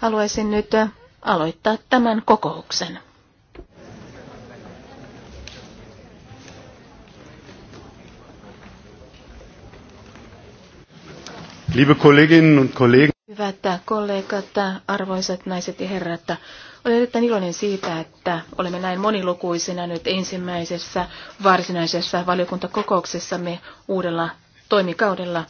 Haluaisin nyt aloittaa tämän kokouksen. Liebe Kolleginnen und Kollegen. Hyvät kollegat, arvoisat naiset ja herrat, olen erittäin iloinen siitä, että olemme näin monilukuisina nyt ensimmäisessä varsinaisessa valiokuntakokouksessamme uudella toimikaudella.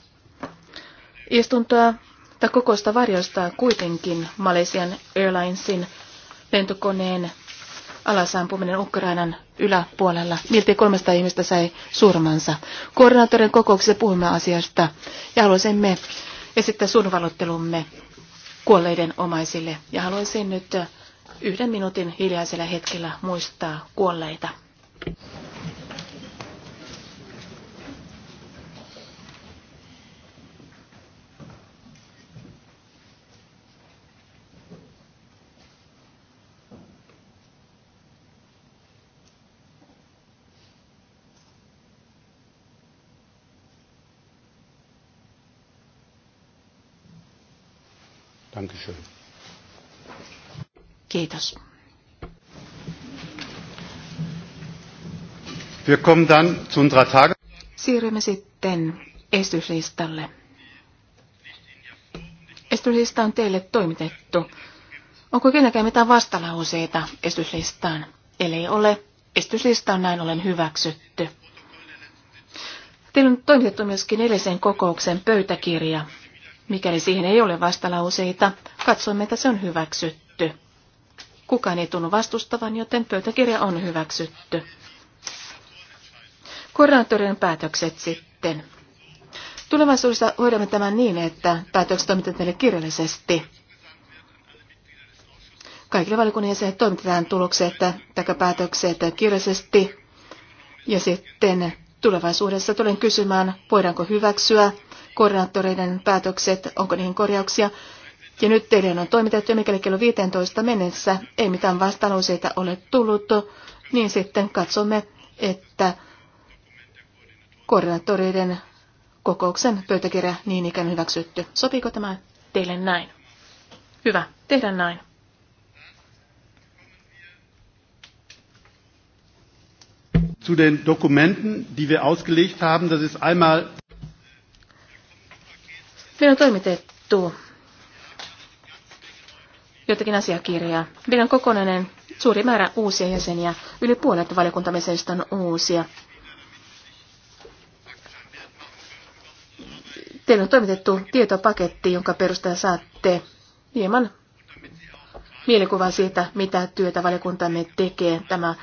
Istuntoa Tätä kokoista varjostaa kuitenkin Malesian Airlinesin lentokoneen alasampuminen Ukrainan yläpuolella. Miltei 300 ihmistä sai surmansa. Koordinaattorin kokouksessa puhumme asiasta ja haluaisimme esittää suunvalottelumme kuolleiden omaisille. Ja haluaisin nyt yhden minuutin hiljaisella hetkellä muistaa kuolleita. Dankeschön. Kiitos. Wir kommen dann zu unserer Tage. Siirrymme sitten esityslistalle. Esityslista on teille toimitettu. Onko kenenkään mitään vastalauseita esityslistaan? Ellei ole, esityslista on näin ollen hyväksytty. Teillä on toimitettu myöskin eilisen kokouksen pöytäkirja. Mikäli siihen ei ole vastalauseita, katsoimme, että se on hyväksytty. Kukaan ei tunnu vastustavan, joten pöytäkirja on hyväksytty. Koordinaattorien päätökset sitten. Tulevaisuudessa hoidamme tämän niin, että päätökset toimitetaan meille kirjallisesti. Kaikille valiokunnan jäsenet toimitetaan tulokset tai päätökset kirjallisesti. Ja sitten tulevaisuudessa tulen kysymään, voidaanko hyväksyä koordinaattoreiden päätökset, onko niihin korjauksia. Ja nyt teidän on toimitettu, mikäli kello 15 mennessä ei mitään vastalauseita ole tullut, niin sitten katsomme, että koordinaattoreiden kokouksen pöytäkirja niin ikään hyväksytty. Sopiiko tämä teille näin? Hyvä, tehdään näin. Zu den Dokumenten, die wir ausgelegt haben, das ist einmal Meillä on toimitettu jotakin asiakirjaa. Meillä on kokonainen suuri määrä uusia jäseniä. Yli puolet valiokuntamisesta on uusia. Teille on toimitettu tietopaketti, jonka perusteella saatte hieman mielikuvaa siitä, mitä työtä valiokuntamme tekee. Tämä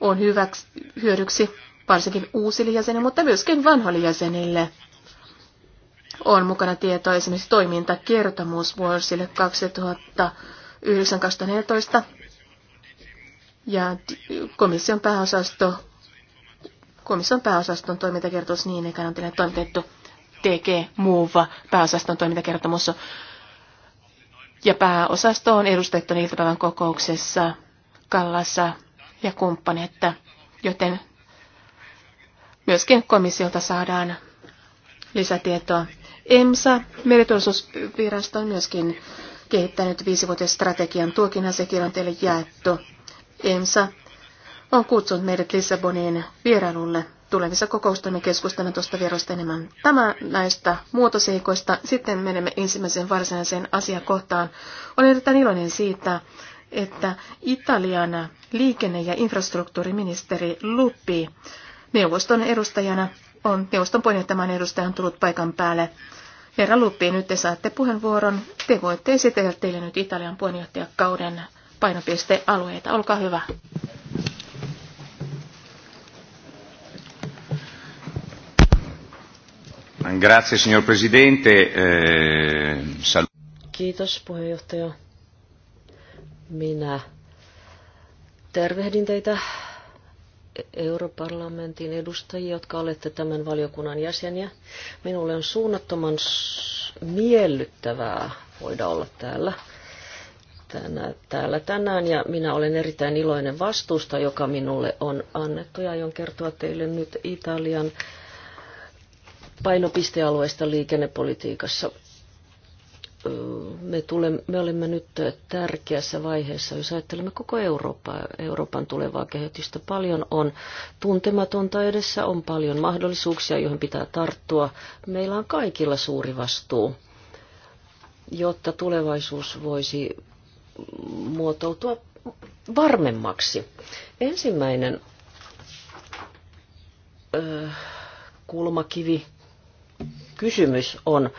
on hyväksi, hyödyksi varsinkin uusille jäsenille, mutta myöskin vanhoille jäsenille on mukana tietoa esimerkiksi toimintakertomus vuosille 2009-2014. Ja komission pääosasto, komission pääosaston toimintakertomus niin ikään on tehty toimitettu TG Move pääosaston toimintakertomus. Ja pääosasto on edustettu iltapäivän kokouksessa Kallassa ja kumppanetta, joten myöskin komissiolta saadaan lisätietoa EMSA, meriturvallisuusvirasto, on myöskin kehittänyt viisivuotisen strategian. Tuokin asiakirja teille jaettu. EMSA on kutsunut meidät Lissabonin vierailulle. Tulevissa kokoustamme keskustelemme tuosta vierosta enemmän. Tämä näistä muotoseikoista. Sitten menemme ensimmäiseen varsinaiseen asiakohtaan. Olen erittäin iloinen siitä, että Italian liikenne- ja infrastruktuuriministeri Luppi neuvoston edustajana on neuvoston puheenjohtajan edustajan tullut paikan päälle. Herra Luppi, nyt te saatte puheenvuoron. Te voitte esitellä teille nyt Italian puheenjohtajakauden painopistealueita. Olkaa hyvä. Grazie, signor Presidente. Eh, Kiitos, puheenjohtaja. Minä tervehdin teitä europarlamentin edustajia, jotka olette tämän valiokunnan jäseniä. Minulle on suunnattoman miellyttävää voida olla täällä tänä, täällä tänään ja minä olen erittäin iloinen vastuusta, joka minulle on annettu ja aion kertoa teille nyt Italian painopistealueista liikennepolitiikassa me, tulemme, me olemme nyt tärkeässä vaiheessa, jos ajattelemme koko Eurooppaa, Euroopan tulevaa kehitystä. Paljon on tuntematonta edessä, on paljon mahdollisuuksia, joihin pitää tarttua. Meillä on kaikilla suuri vastuu, jotta tulevaisuus voisi muotoutua varmemmaksi. Ensimmäinen kulmakivi kysymys on,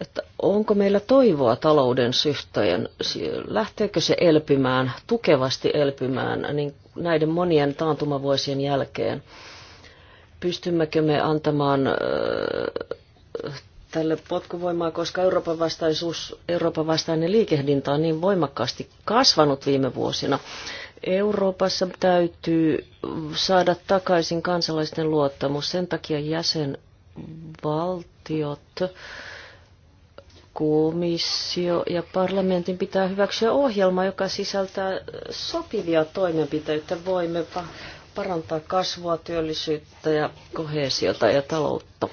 että onko meillä toivoa talouden syhtojen, lähteekö se elpymään, tukevasti elpymään niin näiden monien taantumavuosien jälkeen? Pystymmekö me antamaan äh, tälle potkuvoimaa, koska Euroopan, vastaisuus, Euroopan vastainen liikehdinta on niin voimakkaasti kasvanut viime vuosina. Euroopassa täytyy saada takaisin kansalaisten luottamus. Sen takia jäsenvaltiot äh, komissio ja parlamentin pitää hyväksyä ohjelma, joka sisältää sopivia toimenpiteitä. Voimme parantaa kasvua, työllisyyttä ja kohesiota ja taloutta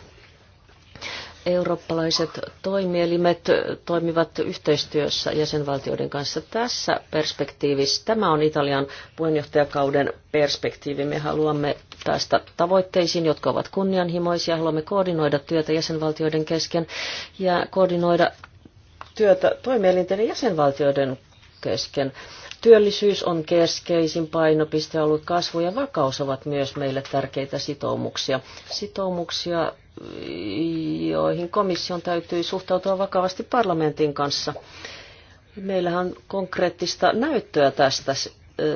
eurooppalaiset toimielimet toimivat yhteistyössä jäsenvaltioiden kanssa tässä perspektiivissä. Tämä on Italian puheenjohtajakauden perspektiivi. Me haluamme päästä tavoitteisiin, jotka ovat kunnianhimoisia. Haluamme koordinoida työtä jäsenvaltioiden kesken ja koordinoida työtä toimielinten ja jäsenvaltioiden kesken. Työllisyys on keskeisin painopistealue, kasvu ja vakaus ovat myös meille tärkeitä sitoumuksia. Sitoumuksia joihin komission täytyy suhtautua vakavasti parlamentin kanssa. Meillähän on konkreettista näyttöä tästä.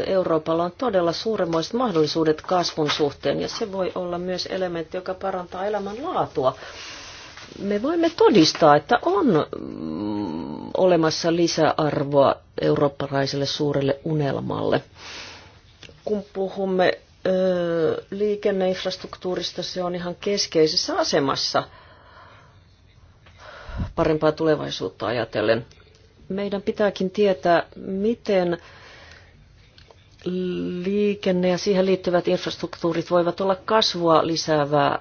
Euroopalla on todella suuremmoiset mahdollisuudet kasvun suhteen ja se voi olla myös elementti, joka parantaa elämänlaatua. Me voimme todistaa, että on olemassa lisäarvoa eurooppalaiselle suurelle unelmalle. Kun puhumme liikenneinfrastruktuurista se on ihan keskeisessä asemassa parempaa tulevaisuutta ajatellen. Meidän pitääkin tietää, miten liikenne ja siihen liittyvät infrastruktuurit voivat olla kasvua lisäävää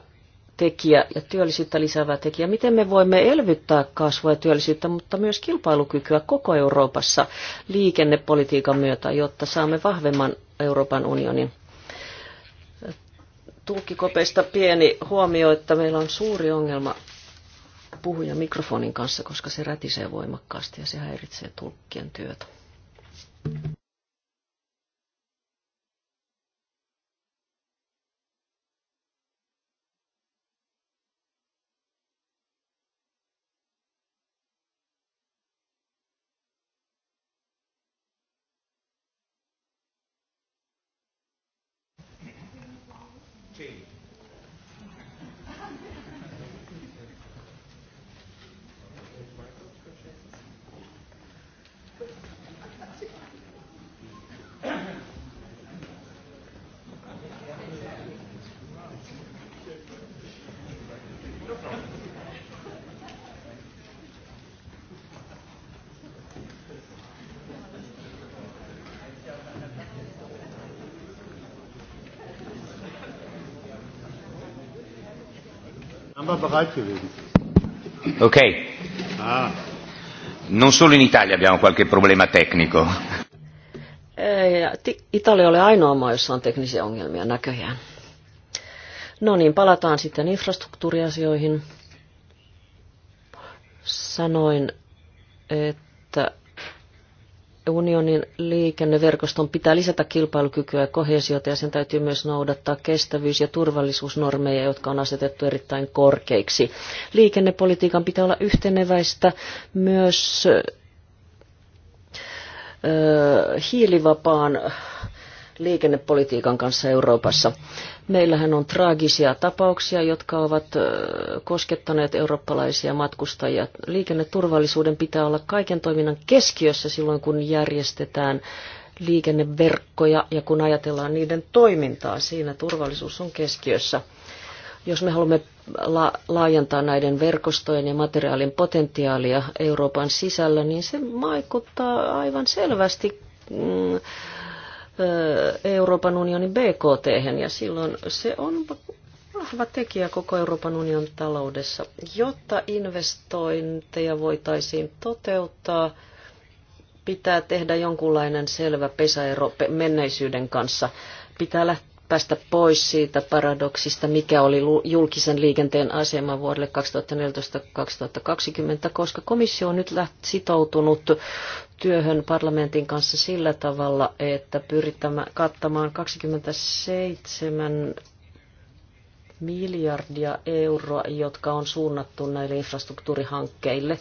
tekijä ja työllisyyttä lisäävää tekijä. Miten me voimme elvyttää kasvua ja työllisyyttä, mutta myös kilpailukykyä koko Euroopassa liikennepolitiikan myötä, jotta saamme vahvemman Euroopan unionin. Tulkikopeista pieni huomio, että meillä on suuri ongelma puhuja mikrofonin kanssa, koska se rätisee voimakkaasti ja se häiritsee tulkkien työtä. immer bereit gewesen. Ok. Ah. Non solo in Italia abbiamo qualche problema tecnico. Eh, Italia oli ainoa maa, jossa on teknisiä ongelmia näköjään. No niin, palataan sitten infrastruktuuriasioihin. Sanoin, että unionin liikenneverkoston pitää lisätä kilpailukykyä ja kohesiota ja sen täytyy myös noudattaa kestävyys- ja turvallisuusnormeja, jotka on asetettu erittäin korkeiksi. Liikennepolitiikan pitää olla yhteneväistä myös hiilivapaan liikennepolitiikan kanssa Euroopassa. Meillähän on traagisia tapauksia, jotka ovat koskettaneet eurooppalaisia matkustajia. Liikenneturvallisuuden pitää olla kaiken toiminnan keskiössä silloin, kun järjestetään liikenneverkkoja ja kun ajatellaan niiden toimintaa, siinä turvallisuus on keskiössä. Jos me haluamme la- laajentaa näiden verkostojen ja materiaalin potentiaalia Euroopan sisällä, niin se vaikuttaa aivan selvästi mm, Euroopan unionin BKT, ja silloin se on vahva tekijä koko Euroopan unionin taloudessa. Jotta investointeja voitaisiin toteuttaa, pitää tehdä jonkunlainen selvä pesäero menneisyyden kanssa. Pitää lähteä päästä pois siitä paradoksista, mikä oli julkisen liikenteen asema vuodelle 2014-2020, koska komissio on nyt sitoutunut työhön parlamentin kanssa sillä tavalla, että pyritään kattamaan 27 miljardia euroa, jotka on suunnattu näille infrastruktuurihankkeille,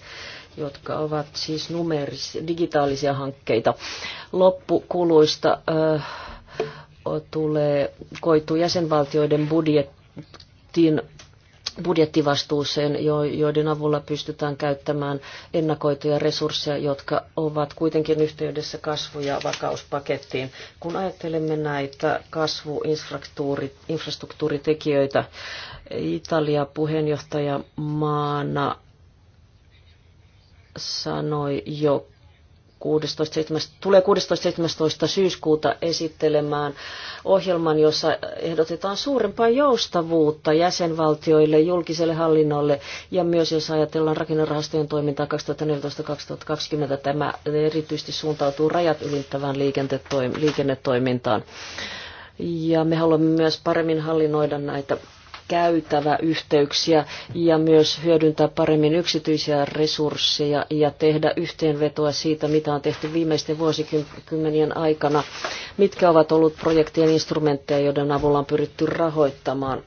jotka ovat siis numerisia digitaalisia hankkeita. Loppukuluista... Öö, tulee, koituu jäsenvaltioiden budjettiin budjettivastuuseen, joiden avulla pystytään käyttämään ennakoituja resursseja, jotka ovat kuitenkin yhteydessä kasvu- ja vakauspakettiin. Kun ajattelemme näitä kasvuinfrastruktuuritekijöitä, Italia puheenjohtajamaana sanoi jo 16.17. tulee 16.17. syyskuuta esittelemään ohjelman, jossa ehdotetaan suurempaa joustavuutta jäsenvaltioille, julkiselle hallinnolle ja myös jos ajatellaan rakennerahastojen toimintaa 2014-2020, tämä erityisesti suuntautuu rajat ylittävään liikennetoimintaan. Ja me haluamme myös paremmin hallinnoida näitä käytävä yhteyksiä ja myös hyödyntää paremmin yksityisiä resursseja ja tehdä yhteenvetoa siitä, mitä on tehty viimeisten vuosikymmenien aikana, mitkä ovat olleet projektien instrumentteja, joiden avulla on pyritty rahoittamaan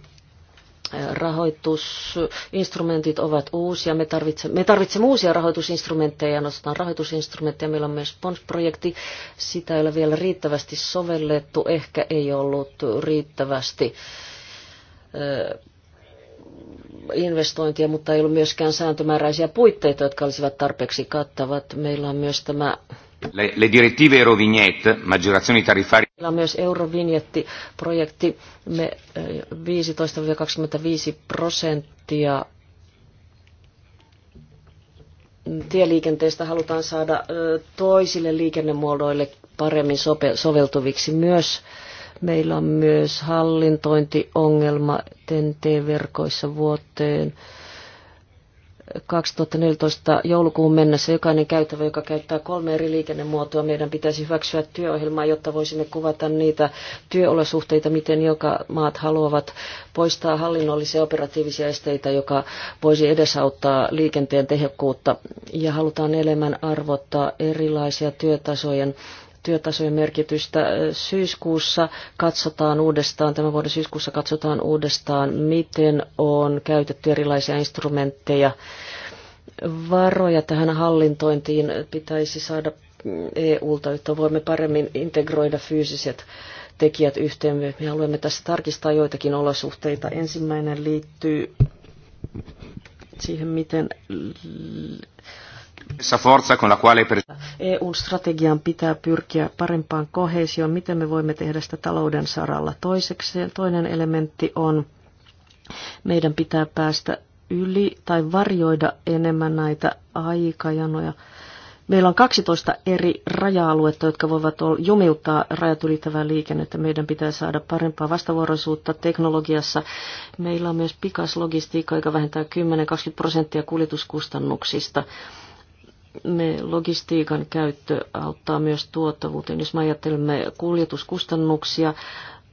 rahoitusinstrumentit ovat uusia. Me tarvitsemme, me tarvitsemme uusia rahoitusinstrumentteja ja nostetaan rahoitusinstrumentteja. Meillä on myös PONS-projekti. Sitä ei ole vielä riittävästi sovellettu. Ehkä ei ollut riittävästi äh, investointia, mutta ei ollut myöskään sääntömääräisiä puitteita, jotka olisivat tarpeeksi kattavat. Meillä on myös tämä Le, le direttive Eurovignette, maggiorazioni tariffarie. Meillä on myös Eurovignetti-projekti, me 15-25 prosenttia tieliikenteestä halutaan saada toisille liikennemuodoille paremmin sope- soveltuviksi myös. Meillä on myös hallintointiongelma TNT-verkoissa vuoteen 2014 joulukuun mennessä jokainen käytävä, joka käyttää kolme eri liikennemuotoa, meidän pitäisi hyväksyä työohjelmaa, jotta voisimme kuvata niitä työolosuhteita, miten joka maat haluavat poistaa hallinnollisia operatiivisia esteitä, joka voisi edesauttaa liikenteen tehokkuutta. Ja halutaan elämän arvottaa erilaisia työtasojen työtasojen merkitystä. Syyskuussa katsotaan uudestaan, tämän vuoden syyskuussa katsotaan uudestaan, miten on käytetty erilaisia instrumentteja. Varoja tähän hallintointiin pitäisi saada EU-ta, jotta voimme paremmin integroida fyysiset tekijät yhteen. Me haluamme tässä tarkistaa joitakin olosuhteita. Ensimmäinen liittyy siihen, miten EUn e strategian pitää pyrkiä parempaan kohesioon, miten me voimme tehdä sitä talouden saralla. Toiseksi, toinen elementti on, meidän pitää päästä yli tai varjoida enemmän näitä aikajanoja. Meillä on 12 eri raja-aluetta, jotka voivat jumiuttaa rajat ylittävää liikennettä. Meidän pitää saada parempaa vastavuoroisuutta teknologiassa. Meillä on myös pikas logistiikka, joka vähentää 10-20 prosenttia kuljetuskustannuksista me logistiikan käyttö auttaa myös tuottavuuteen. Jos me ajattelemme kuljetuskustannuksia,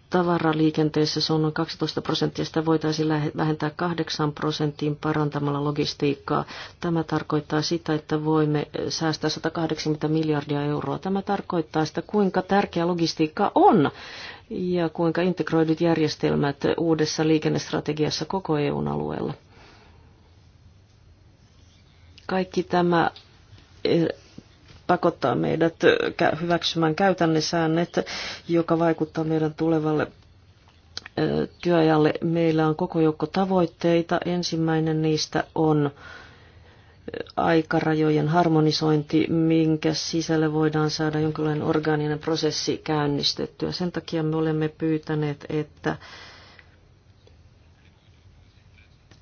tavaraliikenteessä se on noin 12 prosenttia, sitä voitaisiin vähentää 8 prosenttiin parantamalla logistiikkaa. Tämä tarkoittaa sitä, että voimme säästää 180 miljardia euroa. Tämä tarkoittaa sitä, kuinka tärkeä logistiikka on ja kuinka integroidut järjestelmät uudessa liikennestrategiassa koko EUn alueella. Kaikki tämä pakottaa meidät hyväksymään käytännesäännöt, joka vaikuttaa meidän tulevalle työajalle. Meillä on koko joukko tavoitteita. Ensimmäinen niistä on aikarajojen harmonisointi, minkä sisälle voidaan saada jonkinlainen orgaaninen prosessi käynnistettyä. Sen takia me olemme pyytäneet, että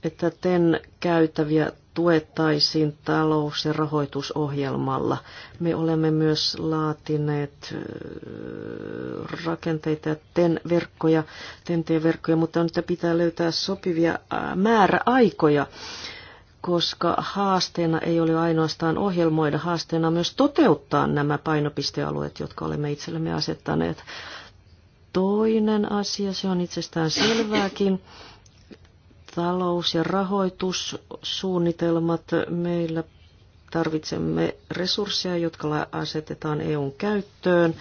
että TEN käytäviä tuettaisiin talous- ja rahoitusohjelmalla. Me olemme myös laatineet rakenteita ja TEN-verkkoja, TEN-verkkoja, mutta nyt pitää löytää sopivia määräaikoja koska haasteena ei ole ainoastaan ohjelmoida, haasteena myös toteuttaa nämä painopistealueet, jotka olemme itsellemme asettaneet. Toinen asia, se on itsestään selvääkin talous- ja rahoitussuunnitelmat. Meillä tarvitsemme resursseja, jotka asetetaan EUn käyttöön,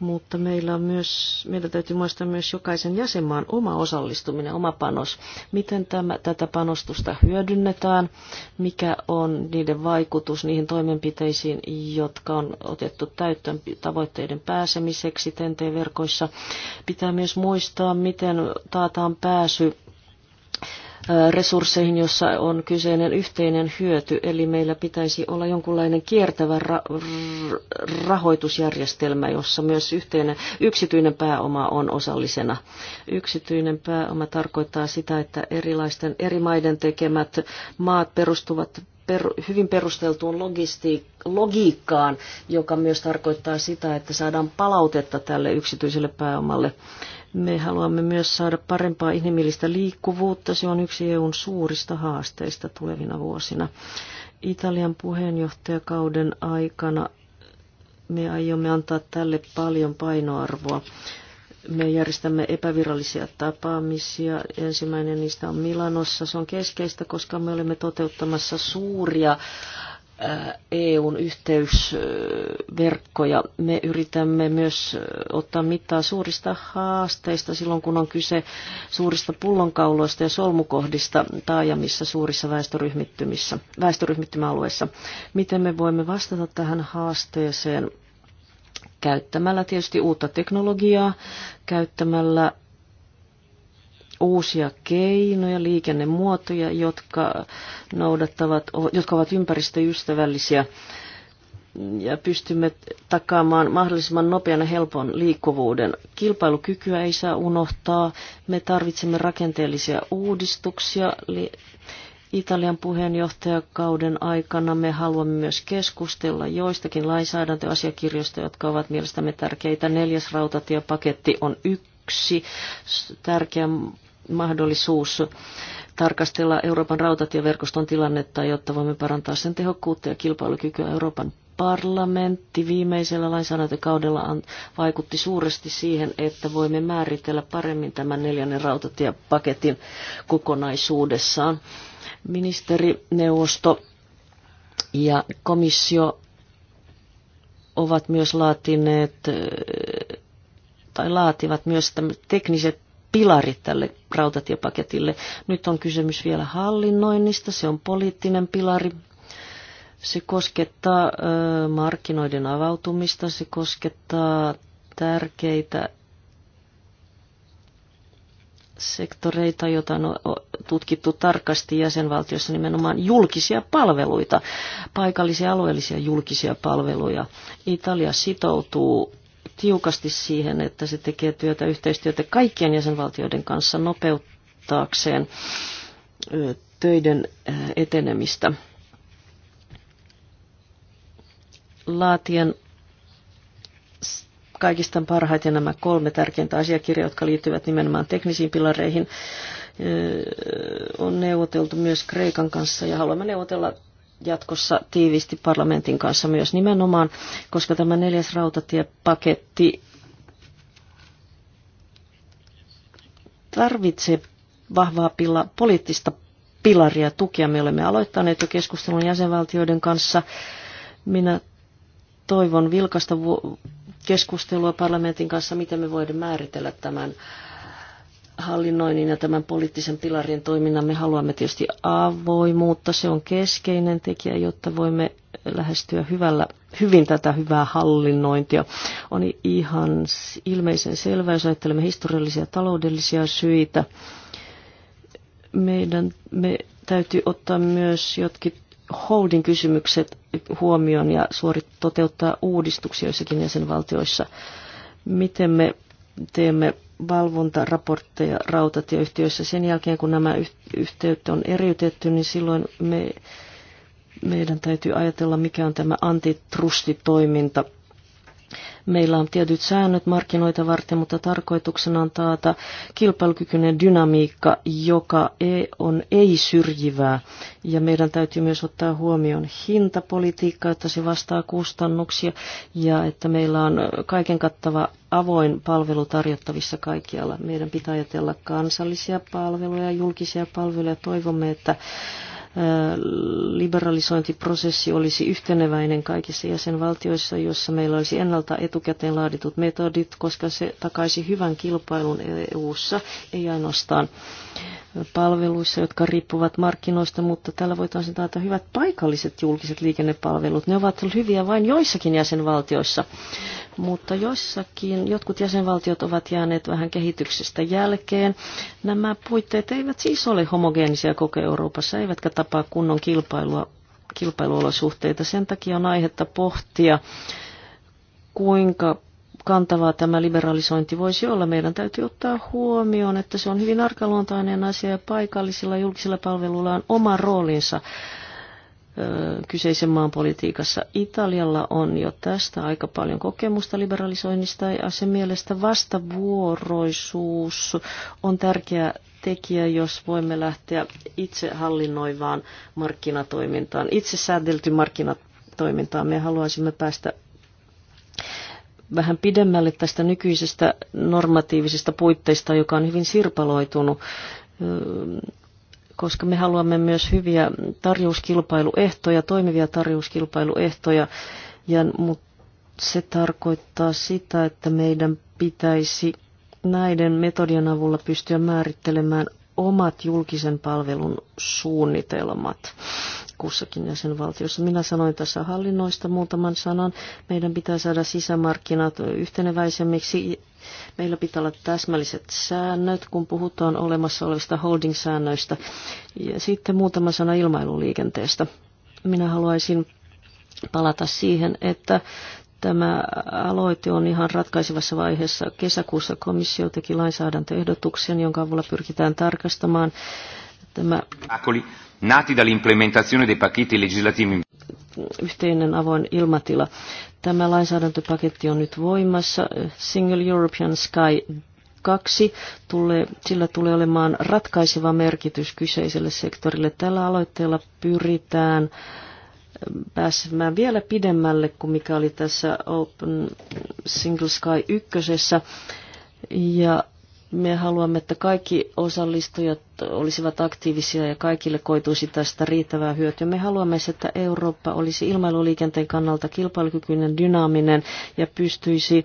mutta meillä on myös, meillä täytyy muistaa myös jokaisen jäsenmaan oma osallistuminen, oma panos. Miten tämä, tätä panostusta hyödynnetään, mikä on niiden vaikutus niihin toimenpiteisiin, jotka on otettu täyttöön tavoitteiden pääsemiseksi TNT-verkoissa. Pitää myös muistaa, miten taataan pääsy resursseihin, jossa on kyseinen yhteinen hyöty, eli meillä pitäisi olla jonkunlainen kiertävä ra- rahoitusjärjestelmä, jossa myös yhteinen, yksityinen pääoma on osallisena. Yksityinen pääoma tarkoittaa sitä, että erilaisten eri maiden tekemät maat perustuvat per- hyvin perusteltuun logisti, logiikkaan, joka myös tarkoittaa sitä, että saadaan palautetta tälle yksityiselle pääomalle me haluamme myös saada parempaa inhimillistä liikkuvuutta. Se on yksi EUn suurista haasteista tulevina vuosina. Italian puheenjohtajakauden aikana me aiomme antaa tälle paljon painoarvoa. Me järjestämme epävirallisia tapaamisia. Ensimmäinen niistä on Milanossa. Se on keskeistä, koska me olemme toteuttamassa suuria EUn yhteysverkkoja. Me yritämme myös ottaa mittaa suurista haasteista silloin, kun on kyse suurista pullonkauloista ja solmukohdista taajamissa suurissa väestöryhmittymissä, väestöryhmittymäalueissa. Miten me voimme vastata tähän haasteeseen? käyttämällä tietysti uutta teknologiaa, käyttämällä uusia keinoja, liikennemuotoja, jotka, noudattavat, jotka ovat ympäristöystävällisiä ja pystymme takaamaan mahdollisimman nopean ja helpon liikkuvuuden. Kilpailukykyä ei saa unohtaa. Me tarvitsemme rakenteellisia uudistuksia. Italian puheenjohtajakauden aikana me haluamme myös keskustella joistakin lainsäädäntöasiakirjoista, jotka ovat mielestämme tärkeitä. Neljäs rautatiepaketti on yksi tärkeä mahdollisuus tarkastella Euroopan rautatieverkoston tilannetta, jotta voimme parantaa sen tehokkuutta ja kilpailukykyä Euroopan parlamentti viimeisellä lainsäädäntökaudella vaikutti suuresti siihen, että voimme määritellä paremmin tämän neljännen rautatiepaketin kokonaisuudessaan. Ministerineuvosto ja komissio ovat myös laatineet tai laativat myös tekniset pilarit tälle rautatiepaketille. Nyt on kysymys vielä hallinnoinnista, se on poliittinen pilari. Se koskettaa markkinoiden avautumista, se koskettaa tärkeitä sektoreita, joita on tutkittu tarkasti jäsenvaltiossa nimenomaan julkisia palveluita, paikallisia alueellisia julkisia palveluja. Italia sitoutuu tiukasti siihen, että se tekee työtä yhteistyötä kaikkien jäsenvaltioiden kanssa nopeuttaakseen töiden etenemistä. Laatien kaikista parhaiten nämä kolme tärkeintä asiakirjaa, jotka liittyvät nimenomaan teknisiin pilareihin, on neuvoteltu myös Kreikan kanssa ja haluamme neuvotella jatkossa tiiviisti parlamentin kanssa myös nimenomaan, koska tämä neljäs rautatiepaketti tarvitsee vahvaa pila, poliittista pilaria tukea. Me olemme aloittaneet jo keskustelun jäsenvaltioiden kanssa. Minä toivon vilkasta keskustelua parlamentin kanssa, miten me voimme määritellä tämän äh, hallinnoinnin ja tämän poliittisen pilarien toiminnan me haluamme tietysti avoimuutta. Se on keskeinen tekijä, jotta voimme lähestyä hyvällä, hyvin tätä hyvää hallinnointia. On ihan ilmeisen selvä, jos ajattelemme historiallisia taloudellisia syitä. Meidän me täytyy ottaa myös jotkin holding kysymykset huomioon ja suorit toteuttaa uudistuksia joissakin jäsenvaltioissa. Miten me teemme valvontaraportteja rautatieyhtiöissä. Sen jälkeen, kun nämä yhteydet on eriytetty, niin silloin me, meidän täytyy ajatella, mikä on tämä antitrustitoiminta – Meillä on tietyt säännöt markkinoita varten, mutta tarkoituksena on taata kilpailukykyinen dynamiikka, joka e, on ei-syrjivää. Ja meidän täytyy myös ottaa huomioon hintapolitiikka, että se vastaa kustannuksia ja että meillä on kaiken kattava avoin palvelu tarjottavissa kaikkialla. Meidän pitää ajatella kansallisia palveluja, julkisia palveluja. Toivomme, että liberalisointiprosessi olisi yhteneväinen kaikissa jäsenvaltioissa, jossa meillä olisi ennalta etukäteen laaditut metodit, koska se takaisi hyvän kilpailun EU-ssa, ei ainoastaan palveluissa, jotka riippuvat markkinoista, mutta tällä voitaisiin että hyvät paikalliset julkiset liikennepalvelut. Ne ovat hyviä vain joissakin jäsenvaltioissa, mutta joissakin jotkut jäsenvaltiot ovat jääneet vähän kehityksestä jälkeen. Nämä puitteet eivät siis ole homogeenisia koko Euroopassa, eivätkä tapaa kunnon kilpailua, kilpailuolosuhteita. Sen takia on aihetta pohtia, kuinka kantavaa tämä liberalisointi voisi olla. Meidän täytyy ottaa huomioon, että se on hyvin arkaluontainen asia ja paikallisilla julkisilla palveluilla on oma roolinsa kyseisen maan politiikassa. Italialla on jo tästä aika paljon kokemusta liberalisoinnista ja sen mielestä vastavuoroisuus on tärkeä tekijä, jos voimme lähteä itse hallinnoivaan markkinatoimintaan, itse säädelty markkinatoimintaan. Me haluaisimme päästä vähän pidemmälle tästä nykyisestä normatiivisesta puitteista, joka on hyvin sirpaloitunut, koska me haluamme myös hyviä tarjouskilpailuehtoja, toimivia tarjouskilpailuehtoja, ja, mutta se tarkoittaa sitä, että meidän pitäisi näiden metodien avulla pystyä määrittelemään omat julkisen palvelun suunnitelmat kussakin jäsenvaltiossa. Minä sanoin tässä hallinnoista muutaman sanan. Meidän pitää saada sisämarkkinat yhteneväisemmiksi. Meillä pitää olla täsmälliset säännöt, kun puhutaan olemassa olevista holding-säännöistä. Ja sitten muutama sana ilmailuliikenteestä. Minä haluaisin palata siihen, että tämä aloite on ihan ratkaisevassa vaiheessa. Kesäkuussa komissio teki lainsäädäntöehdotuksen, jonka avulla pyrkitään tarkastamaan tämä nati dall'implementazione dei pacchetti legislativi. Yhteinen avoin ilmatila. Tämä lainsäädäntöpaketti on nyt voimassa. Single European Sky 2 tulee, sillä tulee olemaan ratkaiseva merkitys kyseiselle sektorille. Tällä aloitteella pyritään pääsemään vielä pidemmälle kuin mikä oli tässä Open Single Sky 1. Ja me haluamme, että kaikki osallistujat olisivat aktiivisia ja kaikille koituisi tästä riittävää hyötyä. Me haluamme, että Eurooppa olisi ilmailuliikenteen kannalta kilpailukykyinen, dynaaminen ja pystyisi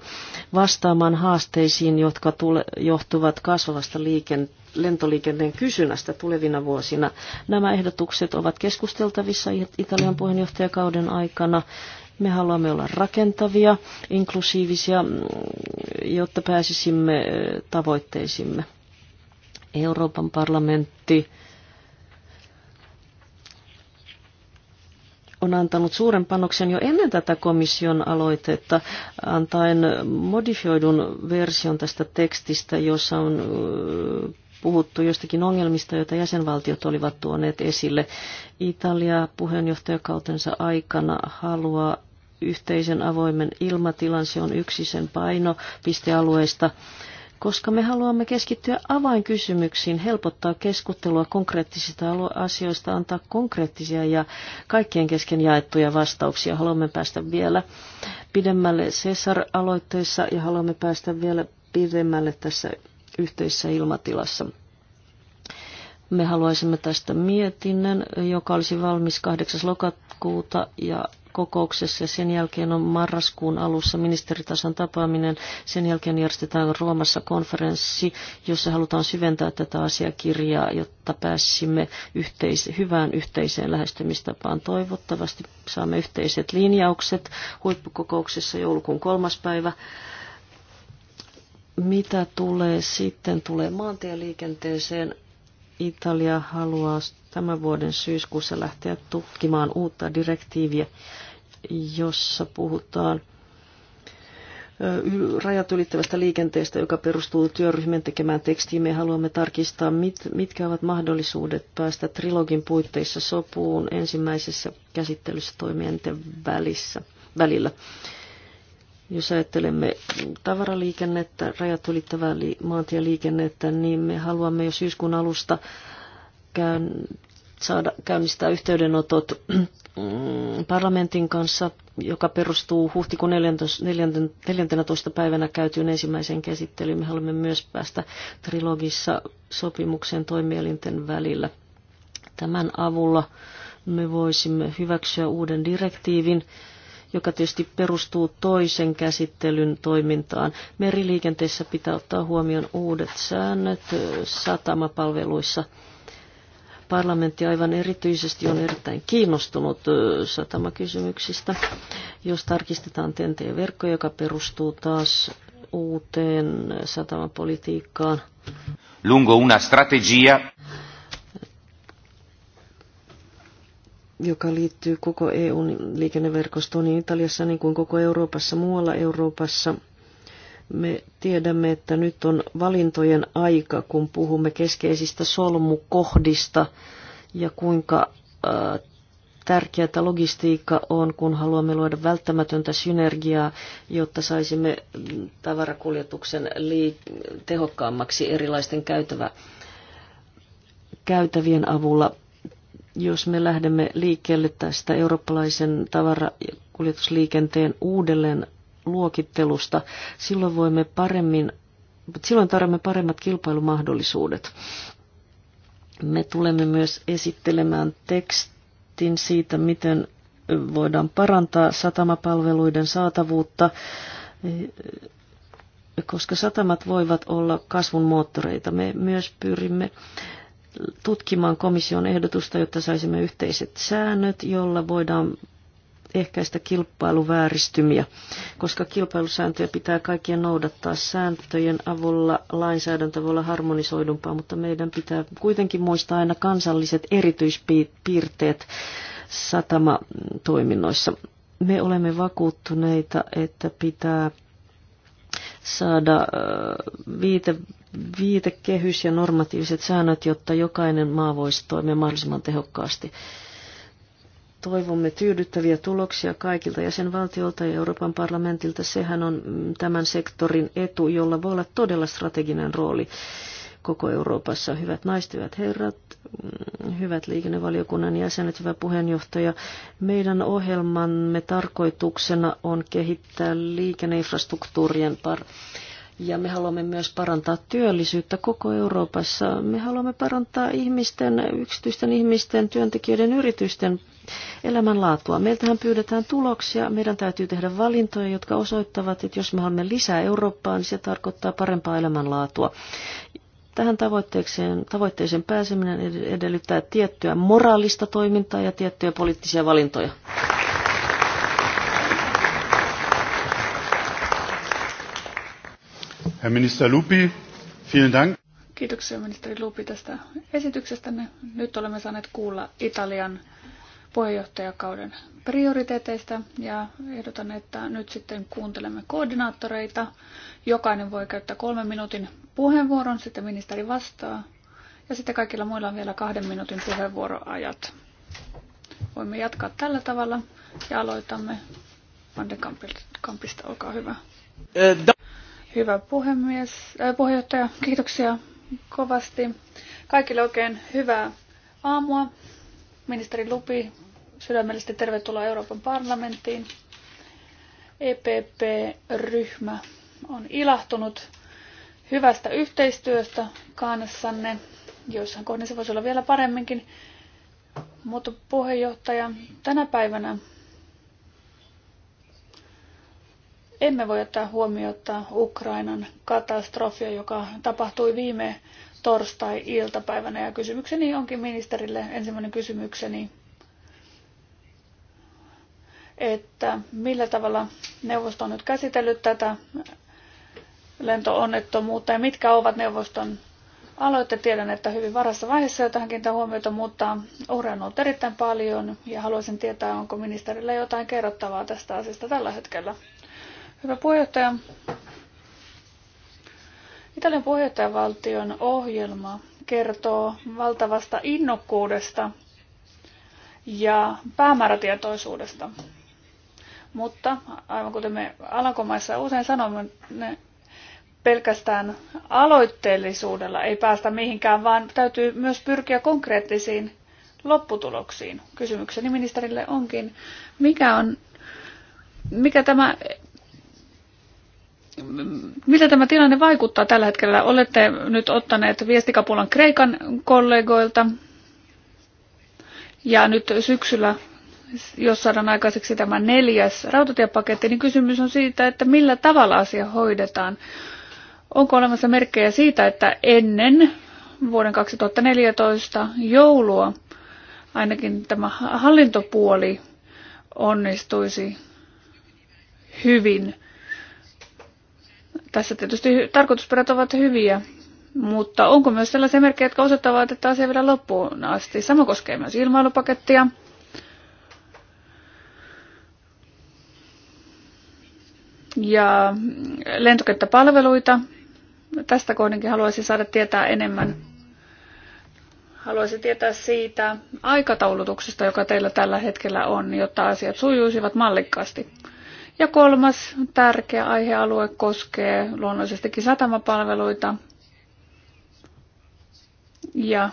vastaamaan haasteisiin, jotka tule, johtuvat kasvavasta liikenteestä lentoliikenteen kysynnästä tulevina vuosina. Nämä ehdotukset ovat keskusteltavissa Italian puheenjohtajakauden aikana me haluamme olla rakentavia, inklusiivisia, mm, jotta pääsisimme tavoitteisimme. Euroopan parlamentti on antanut suuren panoksen jo ennen tätä komission aloitetta, antaen modifioidun version tästä tekstistä, jossa on puhuttu jostakin ongelmista, joita jäsenvaltiot olivat tuoneet esille. Italia puheenjohtajakautensa aikana haluaa yhteisen avoimen ilmatilan. Se on yksi sen painopistealueista koska me haluamme keskittyä avainkysymyksiin, helpottaa keskustelua konkreettisista asioista, antaa konkreettisia ja kaikkien kesken jaettuja vastauksia. Haluamme päästä vielä pidemmälle Cesar-aloitteessa ja haluamme päästä vielä pidemmälle tässä yhteisessä ilmatilassa. Me haluaisimme tästä mietinnön, joka olisi valmis 8. lokakuuta ja kokouksessa. Sen jälkeen on marraskuun alussa ministeritason tapaaminen. Sen jälkeen järjestetään Roomassa konferenssi, jossa halutaan syventää tätä asiakirjaa, jotta pääsimme yhteis- hyvään yhteiseen lähestymistapaan. Toivottavasti saamme yhteiset linjaukset huippukokouksessa joulukuun kolmas päivä mitä tulee sitten tulee maantieliikenteeseen, Italia haluaa tämän vuoden syyskuussa lähteä tutkimaan uutta direktiiviä, jossa puhutaan rajat ylittävästä liikenteestä, joka perustuu työryhmän tekemään tekstiin. Me haluamme tarkistaa, mit, mitkä ovat mahdollisuudet päästä trilogin puitteissa sopuun ensimmäisessä käsittelyssä toimijoiden välissä, välillä. Jos ajattelemme tavaraliikennettä, rajat ylittävää li, maantieliikennettä, niin me haluamme jo syyskuun alusta saada käynnistää yhteydenotot mm, parlamentin kanssa, joka perustuu huhtikuun 14. päivänä käytyyn ensimmäiseen käsittelyyn. Me haluamme myös päästä trilogissa sopimuksen toimielinten välillä. Tämän avulla me voisimme hyväksyä uuden direktiivin, joka tietysti perustuu toisen käsittelyn toimintaan. Meriliikenteessä pitää ottaa huomioon uudet säännöt satamapalveluissa – Parlamentti aivan erityisesti on erittäin kiinnostunut satamakysymyksistä. Jos tarkistetaan TNT-verkko, joka perustuu taas uuteen satamapolitiikkaan. Lungo una strategia joka liittyy koko EUn liikenneverkostoon niin Italiassa niin kuin koko Euroopassa, muualla Euroopassa – me tiedämme, että nyt on valintojen aika, kun puhumme keskeisistä solmukohdista ja kuinka äh, tärkeää logistiikka on, kun haluamme luoda välttämätöntä synergiaa, jotta saisimme tavarakuljetuksen liik- tehokkaammaksi erilaisten käytävä, käytävien avulla. Jos me lähdemme liikkeelle tästä eurooppalaisen tavarakuljetusliikenteen uudelleen luokittelusta. Silloin voimme paremmin, silloin tarvitsemme paremmat kilpailumahdollisuudet. Me tulemme myös esittelemään tekstin siitä, miten voidaan parantaa satamapalveluiden saatavuutta, koska satamat voivat olla kasvun moottoreita. Me myös pyrimme tutkimaan komission ehdotusta, jotta saisimme yhteiset säännöt, jolla voidaan ehkäistä kilpailuvääristymiä, koska kilpailusääntöjä pitää kaikkien noudattaa. Sääntöjen avulla lainsäädäntö voi olla harmonisoidumpaa, mutta meidän pitää kuitenkin muistaa aina kansalliset erityispiirteet satamatoiminnoissa. Me olemme vakuuttuneita, että pitää saada viite, viitekehys ja normatiiviset säännöt, jotta jokainen maa voisi toimia mahdollisimman tehokkaasti. Toivomme tyydyttäviä tuloksia kaikilta jäsenvaltioilta ja Euroopan parlamentilta. Sehän on mm, tämän sektorin etu, jolla voi olla todella strateginen rooli koko Euroopassa. Hyvät naiset, hyvät herrat, mm, hyvät liikennevaliokunnan jäsenet, hyvä puheenjohtaja. Meidän ohjelmamme tarkoituksena on kehittää liikenneinfrastruktuurien par- ja me haluamme myös parantaa työllisyyttä koko Euroopassa. Me haluamme parantaa ihmisten, yksityisten ihmisten, työntekijöiden, yritysten elämänlaatua. Meiltähän pyydetään tuloksia. Meidän täytyy tehdä valintoja, jotka osoittavat, että jos me haluamme lisää Eurooppaa, niin se tarkoittaa parempaa elämänlaatua. Tähän tavoitteeseen, tavoitteeseen pääseminen edellyttää tiettyä moraalista toimintaa ja tiettyjä poliittisia valintoja. Herr Minister Lupi, vielen Dank. Kiitoksia ministeri Lupi tästä esityksestä. Nyt olemme saaneet kuulla Italian puheenjohtajakauden prioriteeteista ja ehdotan, että nyt sitten kuuntelemme koordinaattoreita. Jokainen voi käyttää kolmen minuutin puheenvuoron, sitten ministeri vastaa ja sitten kaikilla muilla on vielä kahden minuutin puheenvuoroajat. Voimme jatkaa tällä tavalla ja aloitamme Van Kampista. Olkaa hyvä. Äh, Hyvä puhemies, äh, puheenjohtaja, kiitoksia kovasti. Kaikille oikein hyvää aamua. Ministeri Lupi, sydämellisesti tervetuloa Euroopan parlamenttiin. EPP-ryhmä on ilahtunut hyvästä yhteistyöstä kanssanne. Joissain kohdissa voisi olla vielä paremminkin. Mutta puheenjohtaja, tänä päivänä emme voi ottaa huomiota Ukrainan katastrofia, joka tapahtui viime torstai-iltapäivänä. Ja kysymykseni onkin ministerille, ensimmäinen kysymykseni, että millä tavalla neuvosto on nyt käsitellyt tätä lentoonnettomuutta ja mitkä ovat neuvoston aloitteet Tiedän, että hyvin varassa vaiheessa jo tähän kiinnitän huomiota, mutta uhreja on ollut erittäin paljon ja haluaisin tietää, onko ministerillä jotain kerrottavaa tästä asiasta tällä hetkellä. Hyvä puheenjohtaja. Italian puheenjohtajavaltion ohjelma kertoo valtavasta innokkuudesta ja päämäärätietoisuudesta. Mutta aivan kuten me Alankomaissa usein sanomme, ne pelkästään aloitteellisuudella ei päästä mihinkään, vaan täytyy myös pyrkiä konkreettisiin lopputuloksiin. Kysymykseni ministerille onkin, mikä on mikä tämä Miltä tämä tilanne vaikuttaa tällä hetkellä? Olette nyt ottaneet viestikapulan Kreikan kollegoilta ja nyt syksyllä, jos saadaan aikaiseksi tämä neljäs rautatiepaketti, niin kysymys on siitä, että millä tavalla asia hoidetaan. Onko olemassa merkkejä siitä, että ennen vuoden 2014 joulua ainakin tämä hallintopuoli onnistuisi hyvin – tässä tietysti tarkoitusperät ovat hyviä, mutta onko myös sellaisia merkkejä, jotka osoittavat, että asia vielä loppuun asti? Sama koskee myös ilmailupakettia. Ja lentokenttäpalveluita. Tästä kohdinkin haluaisin saada tietää enemmän. Haluaisin tietää siitä aikataulutuksesta, joka teillä tällä hetkellä on, jotta asiat sujuisivat mallikkaasti. Ja kolmas tärkeä aihealue koskee luonnollisestikin satamapalveluita ja